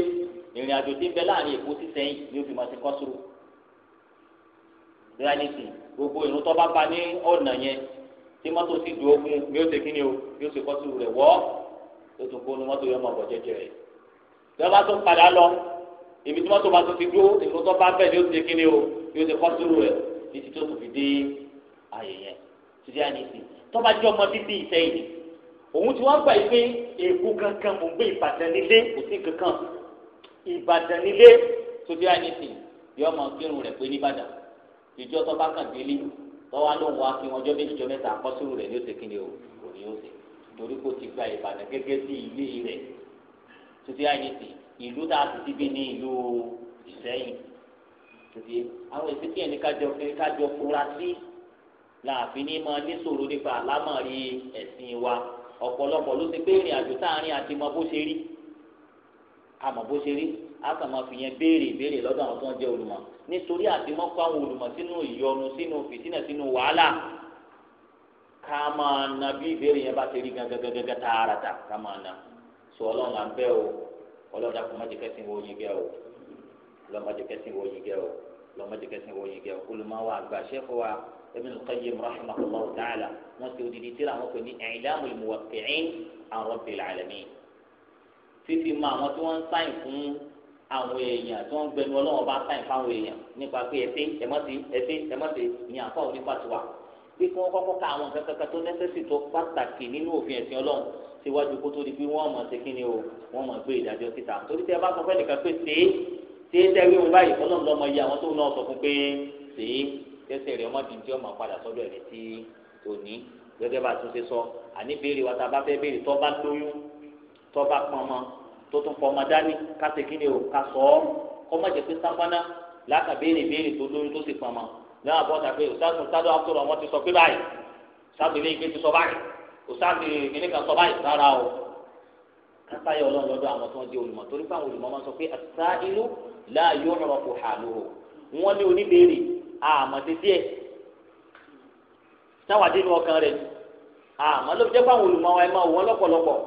ìrìn àjò tí ń bẹ láàrin èkó sí ni ó fi máa ti kọ́ sùúrù reality gbogbo ìrun tó bá ba ní ọ̀nà yẹn tí mọ́tò sì du ogun bí ó ṣe ni o bí ó ṣe kọ́ sùúrù rẹ̀ wọ́ tó tún kó nu ibi tí wọn tó bá tó ti dúró ìlú tó bá bẹ ni ó ti kíni o yóò ti kọ́ sóró rẹ títí tó fi dé ààyè yẹn títí àyè sí tọ́ba jẹ́ ọmọ bíbí ìsẹ́yìn òun ti wá gbà yí pé èkó kankan mò ń gbé ìbàdàn nílé kò sí kankan ìbàdàn nílé títí àyè sí yọ ọmọ kírun rẹ pé nìbàdàn ìjọ tọ́ba kan délé tọ́wá ló ń wá kí wọn jọ méjì jọ mẹ́ta kọ́ sóró rẹ ni ó ti kíni o kò ní ó ti torí kó ti gba ìbàdàn gẹ́gẹ́ bí ilé rẹ títí àyè sí ìlú tá a ti ti bí ní ìlú ìsẹ́yìn tòbí àwọn èsì tí ẹni kájọ kájọ fura sí làáfin ní máa níṣòro nípa àlámọ̀rí ẹ̀sìn wa ọ̀pọ̀lọpọ̀ ló ti pé ìrìn àjò táàrin àti mọ bó ṣe rí àmọ́ bó ṣe rí a kàn máa fi yẹn béèrè ìbéèrè lọ́dọ̀ àwọn tó ń jẹ́ olùmọ̀ nítorí àti mọ́ fún àwọn olùmọ̀ sínú ìyọnu sínú fìtínà sínú wàhálà ká máa na bí ìbéèrè yẹn bá ṣe rí gangan gangan tààràtà ká máa na sọ ọlọ́run à ń bẹ́ o ọlọ́dà kò má jẹ́ kẹ́sìn wo yin gẹ́ o lọ́mọ jẹ́ kẹ́sìn wo yin gẹ́ o lọ́mọ jẹ́ kẹ́sìn wo yin gẹ́ o olùmọ̀wá àgbà sẹ́fọ̀ wa Ibn Qayyim rahimahullah ta'ala wọ́n ti odidi tíra wọn pè ní I'lamul Muwaqqi'in an Rabbil Alamin fífi mọ àwọn tí wọ́n ń sáyìn fún àwọn èèyàn tí wọ́n gbẹnu ọlọ́wọ́n bá sáyìn fáwọn èèyàn nípa pé ẹ̀sìn pé kí wọ́n kọ́kọ́ ka àwọn nǹkan kankan tó nẹ́sẹ̀sì tó pàtàkì nínú òfin ẹ̀sìn ọlọ́run síwájú kó tó di pé wọ́n mọ̀ sí kí ni o wọ́n mọ̀ gbé ìdájọ́ síta torí tí ẹ bá sọ fẹ́ nìkan pé ṣé ṣé tẹ́rí òun báyìí ọlọ́run lọ́mọ iye àwọn tó náà sọ fún pé ṣé tẹ́sẹ̀ rẹ̀ ọmọdé tí ọmọ padà sọ́dọ̀ ẹ̀rẹ́ tí ò ní gẹ́gẹ́ bá a tún ṣe sọ àní béèrè wa tá a bá fẹ́ béèrè tó bá lóyún tó bá pọnmọ tó tún fọmọ dání ká ṣe kí ni o ká sọ ọ́ kọ́ mọ̀ jẹ́ pé sápáná lákàbéèrè béèrè tó lóyún tó sì pọnmọ ní àwọn àbọ̀tà pé òsáàtún sádọ́ àkúrò wọn ti sọ pé báyìí òsáàtún ilé ìgbé ti sọ báyìí òsáàtún ìgbéni kan sọ báyìí rárá o kásáyà ọlọ́run lọ́dọ̀ àwọn tó ń di olùmọ̀ torí pé àwọn olùmọ̀ máa ń sọ pé àtúntà irú láàyò ọ̀rọ̀ kò hà lóhùn wọn ní oníbèrè àmọ̀tẹ́ díẹ̀ táwàdé ní ọkàn rẹ̀ àmọ́ ló fi jẹ́ pé àwọn olùmọ̀ wa ẹ máa wọ́n lọ́pọ̀lọpọ̀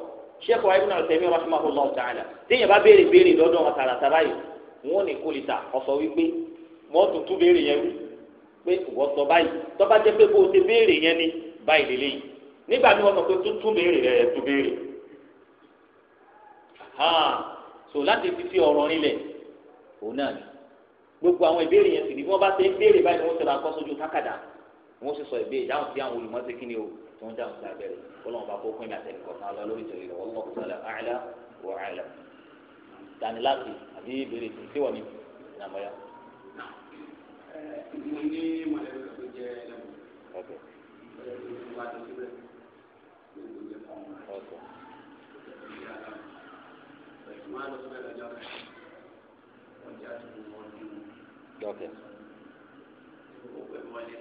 ta'ala téèyàn bá béèrè béèrè lọ́dọ̀ wọn tààràtà báyìí wọn ò ní kólita ọ̀sọ̀ wípé wọn ò pé ìwọ sọ báyìí tọ́ba jẹ́ pé bó o ti béèrè yẹn ni báyìí lè léyìí nígbà tí wọ́n sọ pé tuntun béèrè rẹ̀ tún béèrè so láti fi fi ọ̀rọ̀ rinlẹ̀ òun náà ni gbogbo àwọn ìbéèrè yẹn sì ni bí wọ́n bá ṣe ń béèrè báyìí ni wọ́n ṣe ra kọ́ sójú tákàdá wọ́n sì sọ ìbéèrè dáhùn sí àwọn olùmọ̀ọ́sí kíni o tó ń dáhùn sí abẹ́rẹ́ ọlọ́run bá kó pín ní àtẹnukọ̀ fún alá lórí ìtòrí rẹ̀ wallahu ta'ala a'la wa a'lam tani láti àbí ìbéèrè tí wọ́n ní ìnàmọ́yà mo ní mọ̀lẹ́bí kan tó jẹ́ ẹlẹ́mọ̀ ọ̀dọ̀ wa tó síbẹ̀ gbogbo jẹ́ fún ọmọ ọ̀dọ̀ ìyá aláwọ̀ ẹ̀sùn máa lọ síbẹ̀ lọ́jọ́ kan ọjà tó ń wọ́n ní wọn. dọ́kẹ́. ó pè mọ́ ilé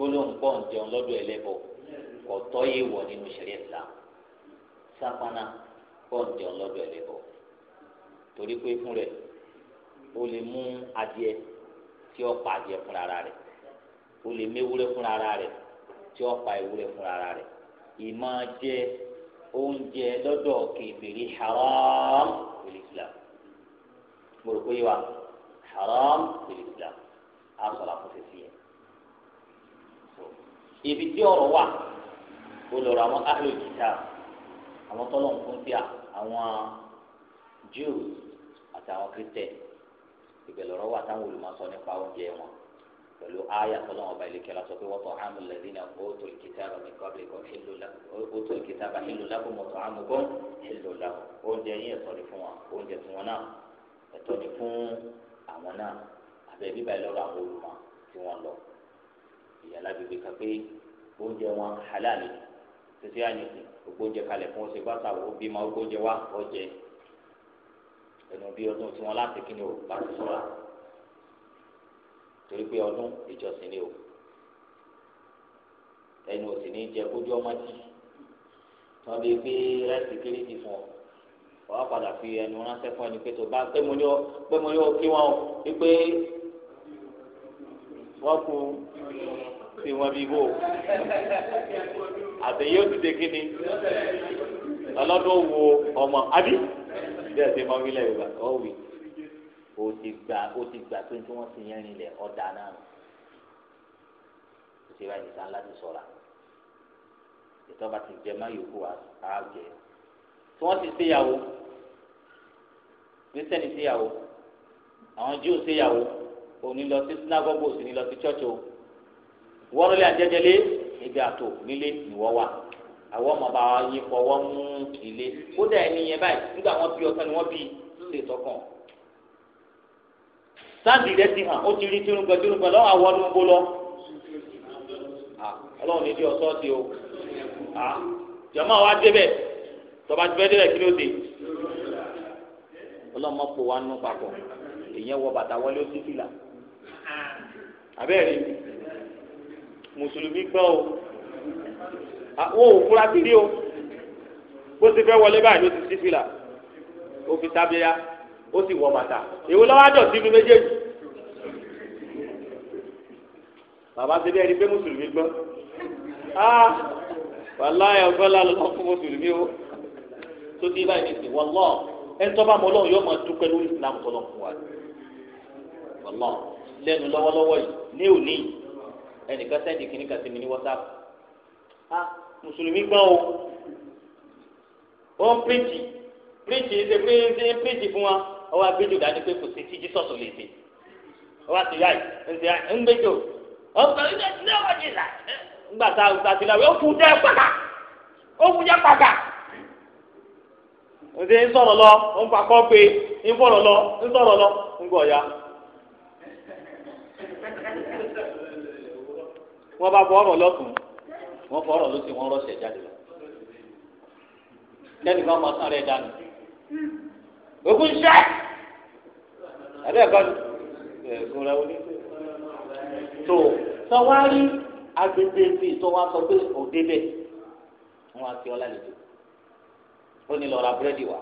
gbólóhùn pọ̀ ń jẹun lọ́dọ̀ ẹlẹ́bọ ọ̀tọ́ yé wọ̀ nínú ṣẹ̀ríà Islam sápánà pọ̀ ń jẹun lọ́dọ̀ ẹlẹ́bọ torí pé fún rẹ̀ o lè mú adìẹ tí ó pa adìẹ fúnra rẹ̀ o lè méwúrẹ́ fúnra rẹ̀ tí ó pa ewúrẹ́ fúnra rẹ̀ ìmọ̀ jẹ oúnjẹ lọ́dọ̀ kèfèrí haram fil Islam mo rò pé wa haram fil Islam á sọ̀rọ̀ àfọ̀sẹ̀ sí ẹ ibi tí ọ̀rọ̀ wà ó lọ́rọ̀ àwọn ahlul kitab àwọn tọ́lọ̀ ń fún tíà àwọn Jews àtàwọn Christian ibẹ̀ lọ́rọ̀ wà táwọn olùmọ̀sọ nípa oúnjẹ wọn pẹ̀lú ayé àtọ́lọ́ ọba ìlẹ́kẹ́ la sọ pé wọ́n tọ́ àmú lẹ́dí náà ó tó ìkìtà mi kọ́bí kan ó tó ìkìtà bá ìlú lápò mọ́tò àmú kan ìlú lápò oúnjẹ yín ẹ̀tọ́ ni fún wa oúnjẹ fún wọn náà ẹ̀tọ́ ni fún àwọn náà àbẹ̀ bíbá ìlọ́rọ̀ àwọn ìyá lágbègbè kan pé oúnjẹ wọn halal títí àyìnkù gbogbo oúnjẹ kalẹ̀ fún ọ̀sẹ̀ bá tàwọn òbí máa gbogbo oúnjẹ wá ọ̀jẹ̀ ẹnu bí ọdún tí wọn láti kí ni o bá ti sọra torí pé ọdún ìjọsìn ni o ẹnu ò sì ní jẹ kójú ọmọ jì wọn lè gbé rẹsì kiri ti fún ọ wọn padà fi ẹnu ránṣẹ́ fún ẹni pé tó bá pé mo ní ọ pé mo ní ọ kí wọn o wípé wọn kú sí wọn bí wò àtẹ̀yẹ ó ti dé kíni ọlọ́dún wo ọmọ àbí bí ẹ̀sìn mọ́ wílẹ̀ yorùbá ọ̀ wí o ti gbà o ti gbà pé tí wọ́n ti yẹn rinlẹ̀ ọ̀dà náà o ti ra ìdíkà ńlá ti sọ̀ra ìtọ́ba ti jẹ má yòókù àjẹ tí wọ́n ti ṣèyàwó kristiani ṣèyàwó àwọn Júù ṣèyàwó òní lọ sí sinagogo òsì ní lọ sí chọ́ọ̀chì o wọ́n lé àjẹjẹlé ibi àtò nílé ìwọ wa àwọn ọmọ bá yí fọwọ́ mú ilé kódà ẹni yẹn báyìí nígbà wọn bí ọkàn ni wọn bí lè tọkàn sáàdì rẹ ti hàn ó ti rí tìrúgbẹ tìrúgbẹ lọ́wọ́ àwọn ọdún gbó lọ ọlọ́run ní bí ọ̀sọ́ ti o jọ̀mọ́ wa débẹ̀ tọba ti fẹ́ débẹ̀ kí ló dé ọlọ́mọ pò wá nù papọ̀ èèyàn wọ bàtà wọlé ó ti fìlà abẹ́rẹ́ mi mùsùlùmí gbọ́ o àwọn òfúra ti rí o bó ti fẹ́ wọlé báyìí ó ti sí fìlà ó fi tábíyá ó sì wọ bàtà èwo lọ́wọ́ àjọ sínú méjèèjì bàbá ti bẹ́ẹ̀ ni pé mùsùlùmí gbọ́ ah wàláyà ọgbẹ́ lálọ́ fún mùsùlùmí o tó dé báyìí ní ìsìn wọlọ́ ẹ̀ńtọ́ bá mọ ọlọ́run yóò máa dúpẹ́ lórí ìsìlámù tọ́lọ́ fún wa wọlọ́ lẹ́nu lọ́wọ́lọ́wọ́ yìí ní òní yìí. ẹnìkan sẹ́ẹ̀dì kìíní kan sí mi ní wọ́sáàpù ah mùsùlùmí gbọ́n o ó ń píríjì píríjì ṣe pé ṣe ń píríjì fún wa ọwọ́ agbẹ́jọ́ dájú pé kò sí tí lè yáì yáì ń ilé wọn ni là gbà ó pàkà ó pàkà ń sọ̀rọ̀ lọ ń pé ń fọ̀rọ̀ lọ ń sọ̀rọ̀ lọ ń ya wọ́n bá bọ ọ̀rọ̀ lọ́tún wọ́n fọ ọ̀rọ̀ lọ́sìn wọ́n rọ̀ṣẹ̀ jáde lọ. lẹ́nu kan máa sáré dànù. ogun ṣẹ́ ẹ̀rẹ́ ẹ̀kọ́ ẹ̀kọ́ rẹ̀ wọlé. tó sọwárí agbègbè bí ìtọ́wá sọ pé òde bẹ̀ wọ́n á ti ọ́ lálejò ó ní lọ́ra búrẹ́dì wá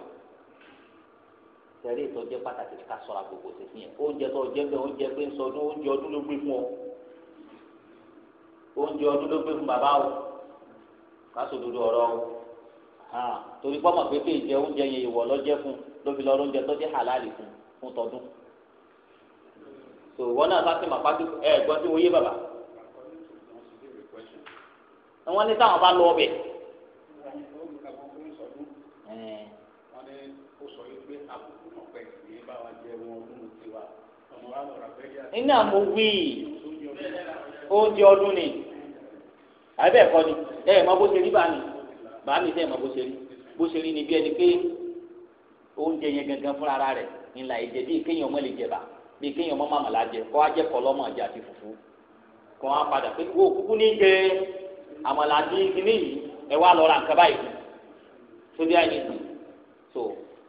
tẹ̀lé ìtọ́jẹ́ pàtàkì ká sọ̀rọ̀ àgbègbè òsèfín yẹn oúnjẹ tó jẹ́ bẹ́ẹ̀ oúnjẹ pé ń sọdún oúnjẹ ọdún ló gbé fún ọ oúnjẹ ọdún ló gbé fún bàbá o kásòdodo ọ̀rọ̀ o torí pọ́mọ̀ pé kéèjẹ oúnjẹ yẹn ìwọ̀ lọ́jẹ́ fún ló fi lọ́ọ́ oúnjẹ tó jẹ́ halali fún fún tọdún tòwọ́ náà bá ti mà pàtó ẹ̀ gbọ́n tí wọ́n yé bàbá wọ́n ní táwọn bá lọ ọbẹ̀. iná mo wí oúnjẹ ọdún ni àbẹ ẹkọ ni ẹ ẹ mọ bó ṣe rí bàmí bàmí sẹ ẹ mọ bó ṣe rí bó ṣe rí ni bí ẹni pé oúnjẹ yẹn gangan fúnra ara rẹ̀ ńlá ìjẹ bíi kéèyàn ọmọ lè jẹba bíi kéèyàn ọmọ màmàlà jẹ kó ajẹ kọlọmọ àjẹ àti fùfú kó wọn padà pé kó kúkú ní jẹ àmàlà àti kíní yìí ẹ wá lọ ra nǹkan báyìí tó àyè dùn so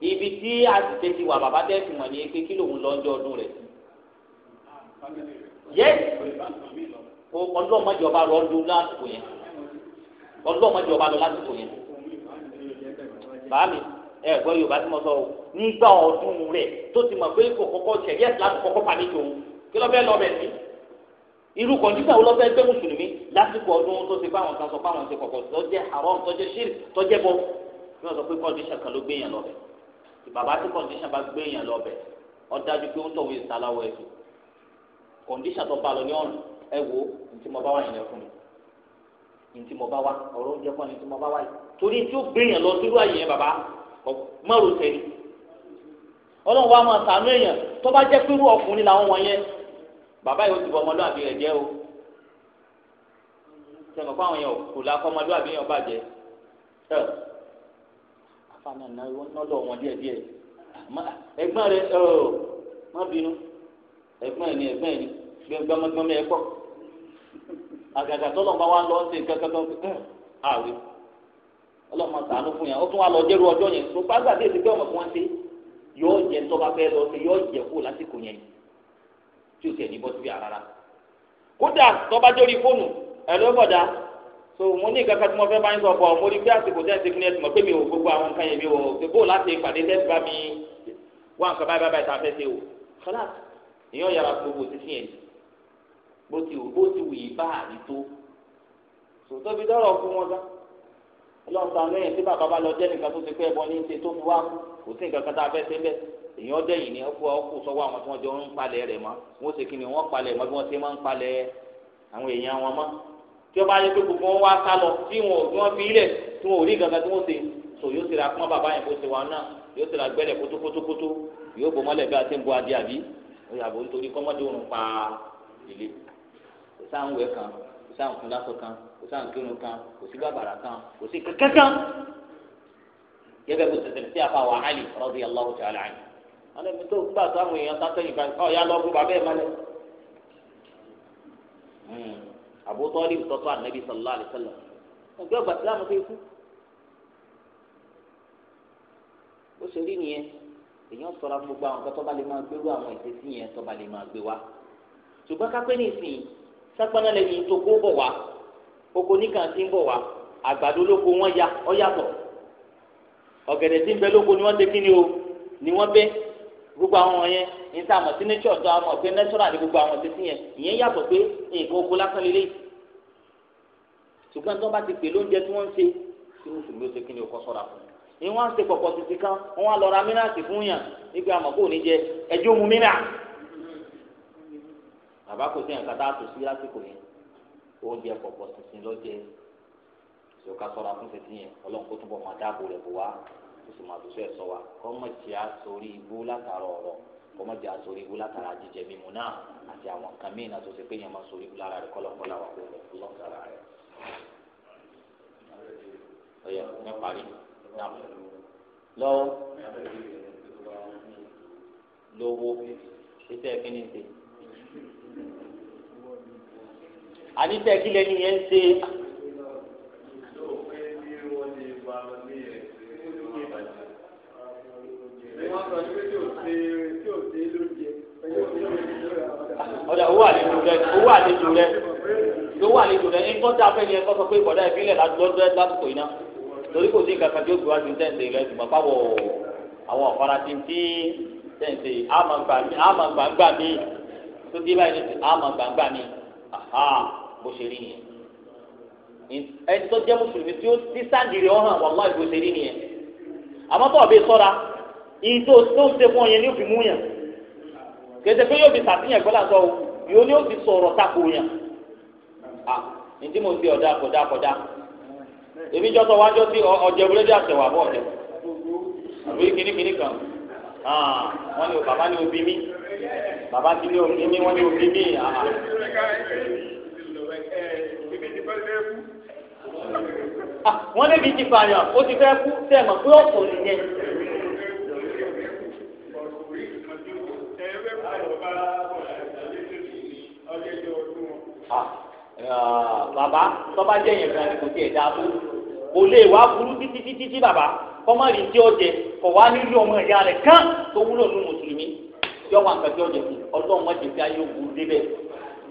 ibi tí a ti tètè wà bàbá tẹ́ fi mọ̀ ní pé kí lòun lọ́jọ́ ọdún rẹ̀ yẹ ọlọ́mọdé ọba lọ lọ lásìkò yẹn ọlọ́mọdé ọba lọ lásìkò yẹn bàámi ẹ gbọ́ yorùbá tí mo sọ o nígbà ọdún rẹ̀ tó ti mọ̀ pé kò kọ́kọ́ tẹ̀ yẹ́sì láti kọ́kọ́ pàdé tó ń kí lọ́bẹ̀ lọ́bẹ̀ sí irú kọ̀ǹdíṣà wo lọ́fẹ́ gbé mùsùlùmí lásìkò ọdún tó ti fáwọn kan sọ fáwọn ti kọ̀kọ́ tọ́jẹ́ haram tọ́jẹ́ ṣírí tọ́jẹ́ bọ́ bí wọ́n sọ pé kọ̀ǹdíṣà kan ló gbé yẹn lọ́bẹ̀ bàbá tí kọ̀ǹdíṣà bá gbé yẹn lọ́bẹ̀ ó dájú pé ó ń tọ̀wé ìsàláwọ̀ ẹ̀sùn kọ̀ǹdíṣà tó bá lọ ní ọ̀rùn ẹ wo ntí mo bá wà yẹn fún mi ntí mo bá wà ọ̀rọ̀ oúnjẹ fún mi ntí mo bá wà yìí torí tí ó gbé yẹn lọ sílùú àyè yẹn bàbá mọ̀rọ̀ tẹ̀lé ọlọ́run wa máa sànú èèyàn tó bá jẹ́ pẹ̀lú ọkùnrin làwọn wọ̀nyẹn bàbá yìí ó ti bọ ọmọlúwàbí rẹ̀ jẹ́ o sẹ́nu kó àwọn yẹn kò la kọ́ ọmọlúwàbí yẹn bàjẹ́ ẹ afáàmì ọ̀nà lọ́dọ̀ wọn díẹ̀ díẹ̀ ẹ̀gbọ́n rẹ̀ ọ̀ má ẹ̀gbọ́n ẹ̀ ni ẹ̀gbọ́n ẹ̀ ni gbẹmọgbẹmọ ẹ̀ pọ̀ àgàgà tọ́lọ̀ bá wà lọ sí kankan àwẹ̀ ọlọ́mọ sàánú fún yàn ó tún wà lọ jẹ́rú ọjọ́ yẹn tó gbàgbà dé ti pé ọmọ kan ṣe yọ jẹ tó bá fẹ́ lọ sí yọ jẹ kó lásìkò yẹn tí o tiẹ̀ ní bọ́ síbi àrárá kódà tó bá jórí fóònù ẹ̀rọ bọ̀dá so mo ní ìkàkà tí mo fẹ́ bá yín sọ bọ̀ mo rí bí àsìkò tẹ́ ẹ ti fún ẹ mọ̀ pé mi ò gbogbo àwọn nǹkan yẹn mi ò ṣe bó láti bó ti bó ti wù yìí bá àrí tó sòtó fi dọ́rọ̀ fún wọn dá ọlọ́ọ̀sán lẹ́yìn tí bàbá bá lọ jẹ́ nìkan tó ti pẹ́ ẹbọ ní ṣe tó fi wá kú kò sí nǹkan kan tá a fẹ́ ṣe ń bẹ̀ èèyàn ọdẹ yìí ni ọkọ ọkọ sọwọ àwọn tí wọ́n jọ ń palẹ̀ rẹ̀ mọ́ wọ́n ṣe kíni wọ́n palẹ̀ mọ́ bí wọ́n ṣe máa ń palẹ̀ àwọn èèyàn wọn mọ́ tí wọ́n bá yẹ pé gbogbo wọn wá sá lọ tí wọn ò wọn fi ilẹ̀ tí wọn ò rí nǹkan kan tí wọ́n ṣe sọ yóò ṣe ra kún bàbá yẹn bó ṣe wà náà yóò ṣe ra gbẹ́lẹ̀ kótókótókótó yóò bò mọ́lẹ̀ bí a ti ń bo adé àbí ó nítorí kọ́mọ́dé òun pa ilé sáǹwé kan kò sáǹfún lásán kan kò sáǹkírun kan kò sí bàbàrà kan kò sí kankan gẹ́gẹ́ bó ti tẹ̀lé sí àfàwà àlì radiyallahu ta'ala anhu alẹ́mi tó gbà sáwọn èèyàn sátẹ́yìn báyìí ọ̀ ya lọ fún bàbá ẹ̀ mọ́lẹ̀. Hmm. Abu Talib tọ́tọ́ ànábi sallallahu alaihi wasallam ọgbẹ́ ọgbà sílámù tó ikú. ó ṣe rí nìyẹn èèyàn sọra gbogbo àwọn kan bá lè máa gbérú àwọn ìṣesí yẹn tó lè máa gbé wá. ṣùgbọ́n kápẹ́ ní ìsìn sápẹ́nà le tó kó bọ̀ wá oko níkan ti ń bọ̀ wá àgbàdo lóko ya ọ̀yàtọ̀ ọ̀gẹ̀dẹ̀ tí ń bẹ lóko ni wọ́n ti kí ni o ni wọ́n bẹ́ gbogbo àwọn yẹn ní tá a mọ̀ sí nature tó a natural ni gbogbo àwọn títí yẹn ìyẹn yàtọ̀ pé nǹkan oko lásán lélẹ̀ ṣùgbọ́n tí wọ́n bá ti pè lóúnjẹ tí wọ́n ń ṣe tí mùsùlùmí ó ṣe kí ni o kọ́ sọ́ra fún un ni wọ́n á ṣe pọ̀pọ̀ títí kan wọ́n lọ ra mínà sí fún yàn nígbà àmọ́ kò ní jẹ ẹjọ́ mu mínà bàbá kò sí nǹkan tá a tò sí lásìkò yẹn oúnjẹ pọ̀pọ̀ sísìn ló jẹ sọ ká sọ́ra fún sísìn yẹn ọlọ́run kó túbọ̀ máa dáàbò rẹ̀ bò wá kó sì máa dùsọ̀ ẹ̀ sọ wa kọ́ mọ̀ tí a sórí ibú látara ọ̀rọ̀ kọ́ mọ̀ tí a sórí ibú látara jíjẹ mímu náà àti àwọn nǹkan míì náà tó ṣe pé yẹn máa sórí ibú lára rẹ̀ kọ́lọ́kọ́lá wà kó lọ sára rẹ̀. lọ́wọ́ lówó iṣẹ́ kí ni ṣe. àníṣe kí lẹni yẹn ń ṣe. ọ̀dà owó àlejò rẹ owó àlejò rẹ owó àlejò rẹ ní kọ́ńtà afẹ́ni ẹ̀kọ́ sọ pé bọ̀dá ìpínlẹ̀ lọ́dọ̀ lásìkò iná torí kò sí nǹkan kan tí ó gbé wá ju rẹ ṣùgbọ́n báwo àwọn ọ̀farasí tí tẹ̀sí àmàgbà mi àmàgbà ń gbà mí. tó dé báyìí lóṣù àmọ́ gbangba mi aha bó ṣe rí nìyẹn ẹni tó jẹ́ mùsùlùmí tí ó ti sáǹdìrì ọ̀hún àwọn ọmọ ìbò ṣe rí nìyẹn àmọ́ tó ọ̀bẹ sọ́ra iye tó tó ń ṣe fún ọyẹn ni ó fi mú yàn kéde pé yóò fi sàtìyàn gbọ́dọ̀ sọ yóò ní ó fi sọ̀rọ̀ tako yàn ah ntí mo ti ọ̀dà kọ̀dà kọ̀dà èmi jọ́sọ̀ wájọ́ sí ọ̀jẹ̀ búrẹ́dì àtẹ̀wà bọ̀ ọ̀dẹ̀ àbí kìnnìkìnnì kan wọ́n ní bàbá ní obì mí bàbá ti ní òfin mi wọ́n ní òfin mi àhà. wọ́n lébi ti pààyàn ó ti fẹ́ kú sẹ́ẹ̀mọ̀ pé ọ̀pọ̀ nìyẹn. bàbá tọ́ba jẹ́ yẹn kan kò tiẹ̀ dáa fún kò lè wá burú títí títí bàbá kọ́mọ́rì tí ó jẹ kò wá nílò ọmọ ìyá rẹ̀ kán tó wúlò ní mùsùlùmí yọ wà nǹkan tí ọjọ́ sí ọlọ́run wọn jẹ sí ayé òkú débẹ̀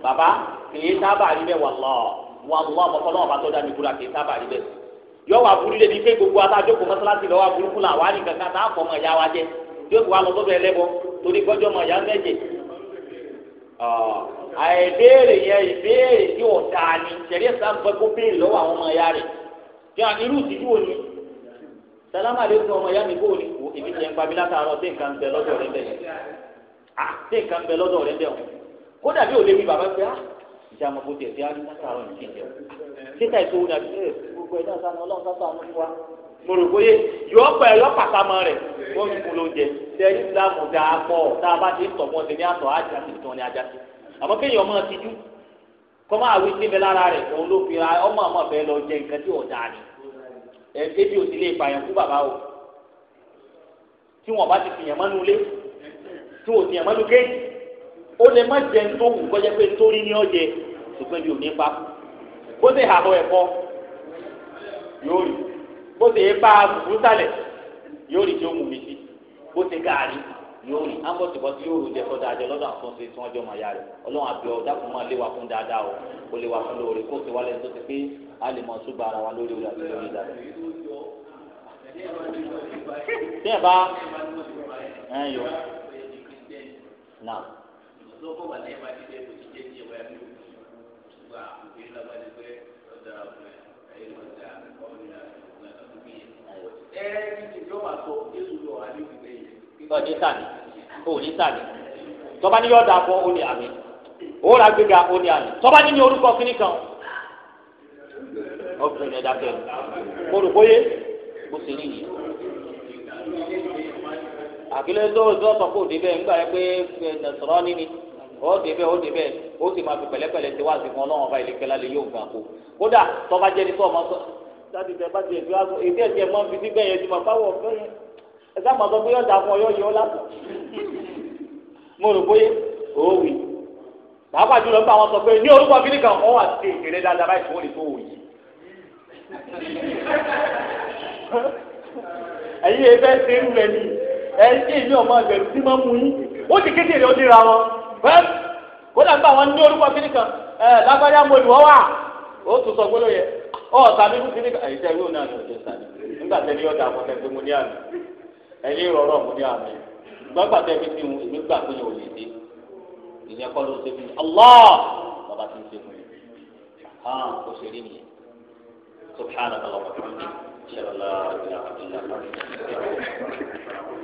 bàbá kìí sábà rí bẹ́ẹ̀ wà lọ wà lọ àmọkọ náà bá tọ dá mi kúra kìí sábà rí bẹ́ẹ̀ yọ wà burú débi pé gbogbo atajọpọ mọ́sálásí lọ wà burúkú là wà ní kankan tá a fọmọ ìyá wa jẹ yóò fi wà lọ sọ́dọ̀ ẹlẹbọ torí gbọ́dọ̀ mọ ìyá mẹjẹ àìbéèrè yẹn ìbéèrè tí ò dáa ni sẹ̀rí ẹ̀sán bẹ kó béèrè lọ́wọ́ àwọn ọmọ ìyá rẹ̀ àti ah, nǹkan bẹ lọ́dọ̀ rẹ bẹ́ẹ̀ o kódà bí òde mi bàbá pé á ah, ìjà mọ̀ bó tiẹ̀ fi á látàrọ̀ ní ìjẹ́ o títà ìṣòwò ní àti ẹ̀ gbogbo ẹ̀dá sanu ọlọ́run sátọ̀ àánú fún wa mo rò pé yọ pẹ̀ yọ pàtàmọ́ rẹ̀ wọ́n fi kú lóúnjẹ tẹ́ ìsìlámù dáa pọ̀ tá a bá ti tọ̀ mọ́ tẹ̀mí àtọ̀ ajá ti tàn ní ajá ti àmọ́ kéèyàn máa ti jú kọ́ máa wí síbi lára rẹ̀ òun ló fi ra ọmọ àmọ́ bẹ́ẹ̀ lọ jẹ nǹkan tí ọ̀dà ni ẹ̀ ẹ́ bí o ti lè pààyàn fún bàbá o tí wọ́n bá ti fìyàn mọ́nú lé tí o tiẹ̀ mọ́lú kéèjì ó lè má jẹ tó wù kọjá pé torí ní ọ̀jẹ̀ ṣùgbọ́n ibi ò ní pa bó ṣe àbọ̀ ẹ̀kọ́ yóò rí bó ṣe bá a bù sálẹ̀ yóò rí tí ó mú mi sí bó ṣe gààrí yóò rí ambọ̀tìbọ̀ tí yóò rò jẹ́ sọ́dọ̀ àjẹ lọ́dọ̀ àtúnṣe tí wọ́n jọ mọ̀ ya rẹ̀ ọlọ́run àbí ọ̀dà fún máa léwa fún dáadáa o kò léwa fún lóore kó ṣe wálé tó ti pé a lè mọ ṣùgbọ́n ara wa lórí ìlànà ìlú ìlànà. ṣé ẹ bá ẹ yọ náà. lọ́kọ̀ wà ní ẹ̀ma dídé kò ti jẹ́ ní ẹ̀wá ẹ̀mí òkú ṣùgbọ́n àkùkù yìí lọ́gbà ní pé ọ̀dà ọ̀gbìn ayé lọ́dà ọ̀gbìn ọ̀gbìn ọ̀gbìn yìí. ẹ̀ẹ́dì tí yóò máa sọ Jésù lọ àbí òkúté yìí. ọ̀ sàmì ò sàmì tọ́ba ní yọ̀ọ̀dà fún ó ní àmì ó rà gbéga àmì tọ́ba ní ní orúkọ kíní kan ọkùnrin ẹ̀dá fẹ́ àkílẹ̀ tó tó sọ kó débẹ̀ ńgbà yẹ pé nàṣọ̀rọ̀ nínú ó débẹ̀ ó débẹ̀ ó sì máa fi pẹ̀lẹ́pẹ̀lẹ́ ti wá sí fún ọlọ́run ọba ìlẹ́kẹ́lá lè yóò gbà kó kódà tọ́ba jẹ́ ní tó ọmọ sọ láti tẹ bá tiẹ̀ fi wá sọ èdè ẹ̀jẹ̀ máa ń fi síbẹ̀ yẹn ti máa fáwọ̀ ọ̀fẹ́ yẹn ẹ̀sán máa sọ pé yọ̀ọ̀dà fún ọyọ́ yẹn ó lásán mo rò bóyá òwì pàápàá jùlọ nípa àwọn sọ pé ní orúkọ kìíní kan wọn wà sí ìkéré dáadáa báyìí fún olùkọ́ òyì ẹ̀yin ẹgbẹ́ ṣe ń rẹ̀ nìyí. ẹni tí èmi ọmọ ẹgbẹ̀rún tí máa mú yín ó ti kékeré ó dira wọn bẹ́ẹ̀ kódà nígbà wọn ní orúkọ kíní kan lágbájá mo lù ọ wà ó tún sọ gbólóò yẹ fún kíní kan àyíṣẹ́ ìwé òní àná nígbà tẹ́lẹ̀ mo ní ẹ̀yìn ìrọ̀rọ̀ mo ní gbọ́gbà tẹ́ fi èmi gbà pé lè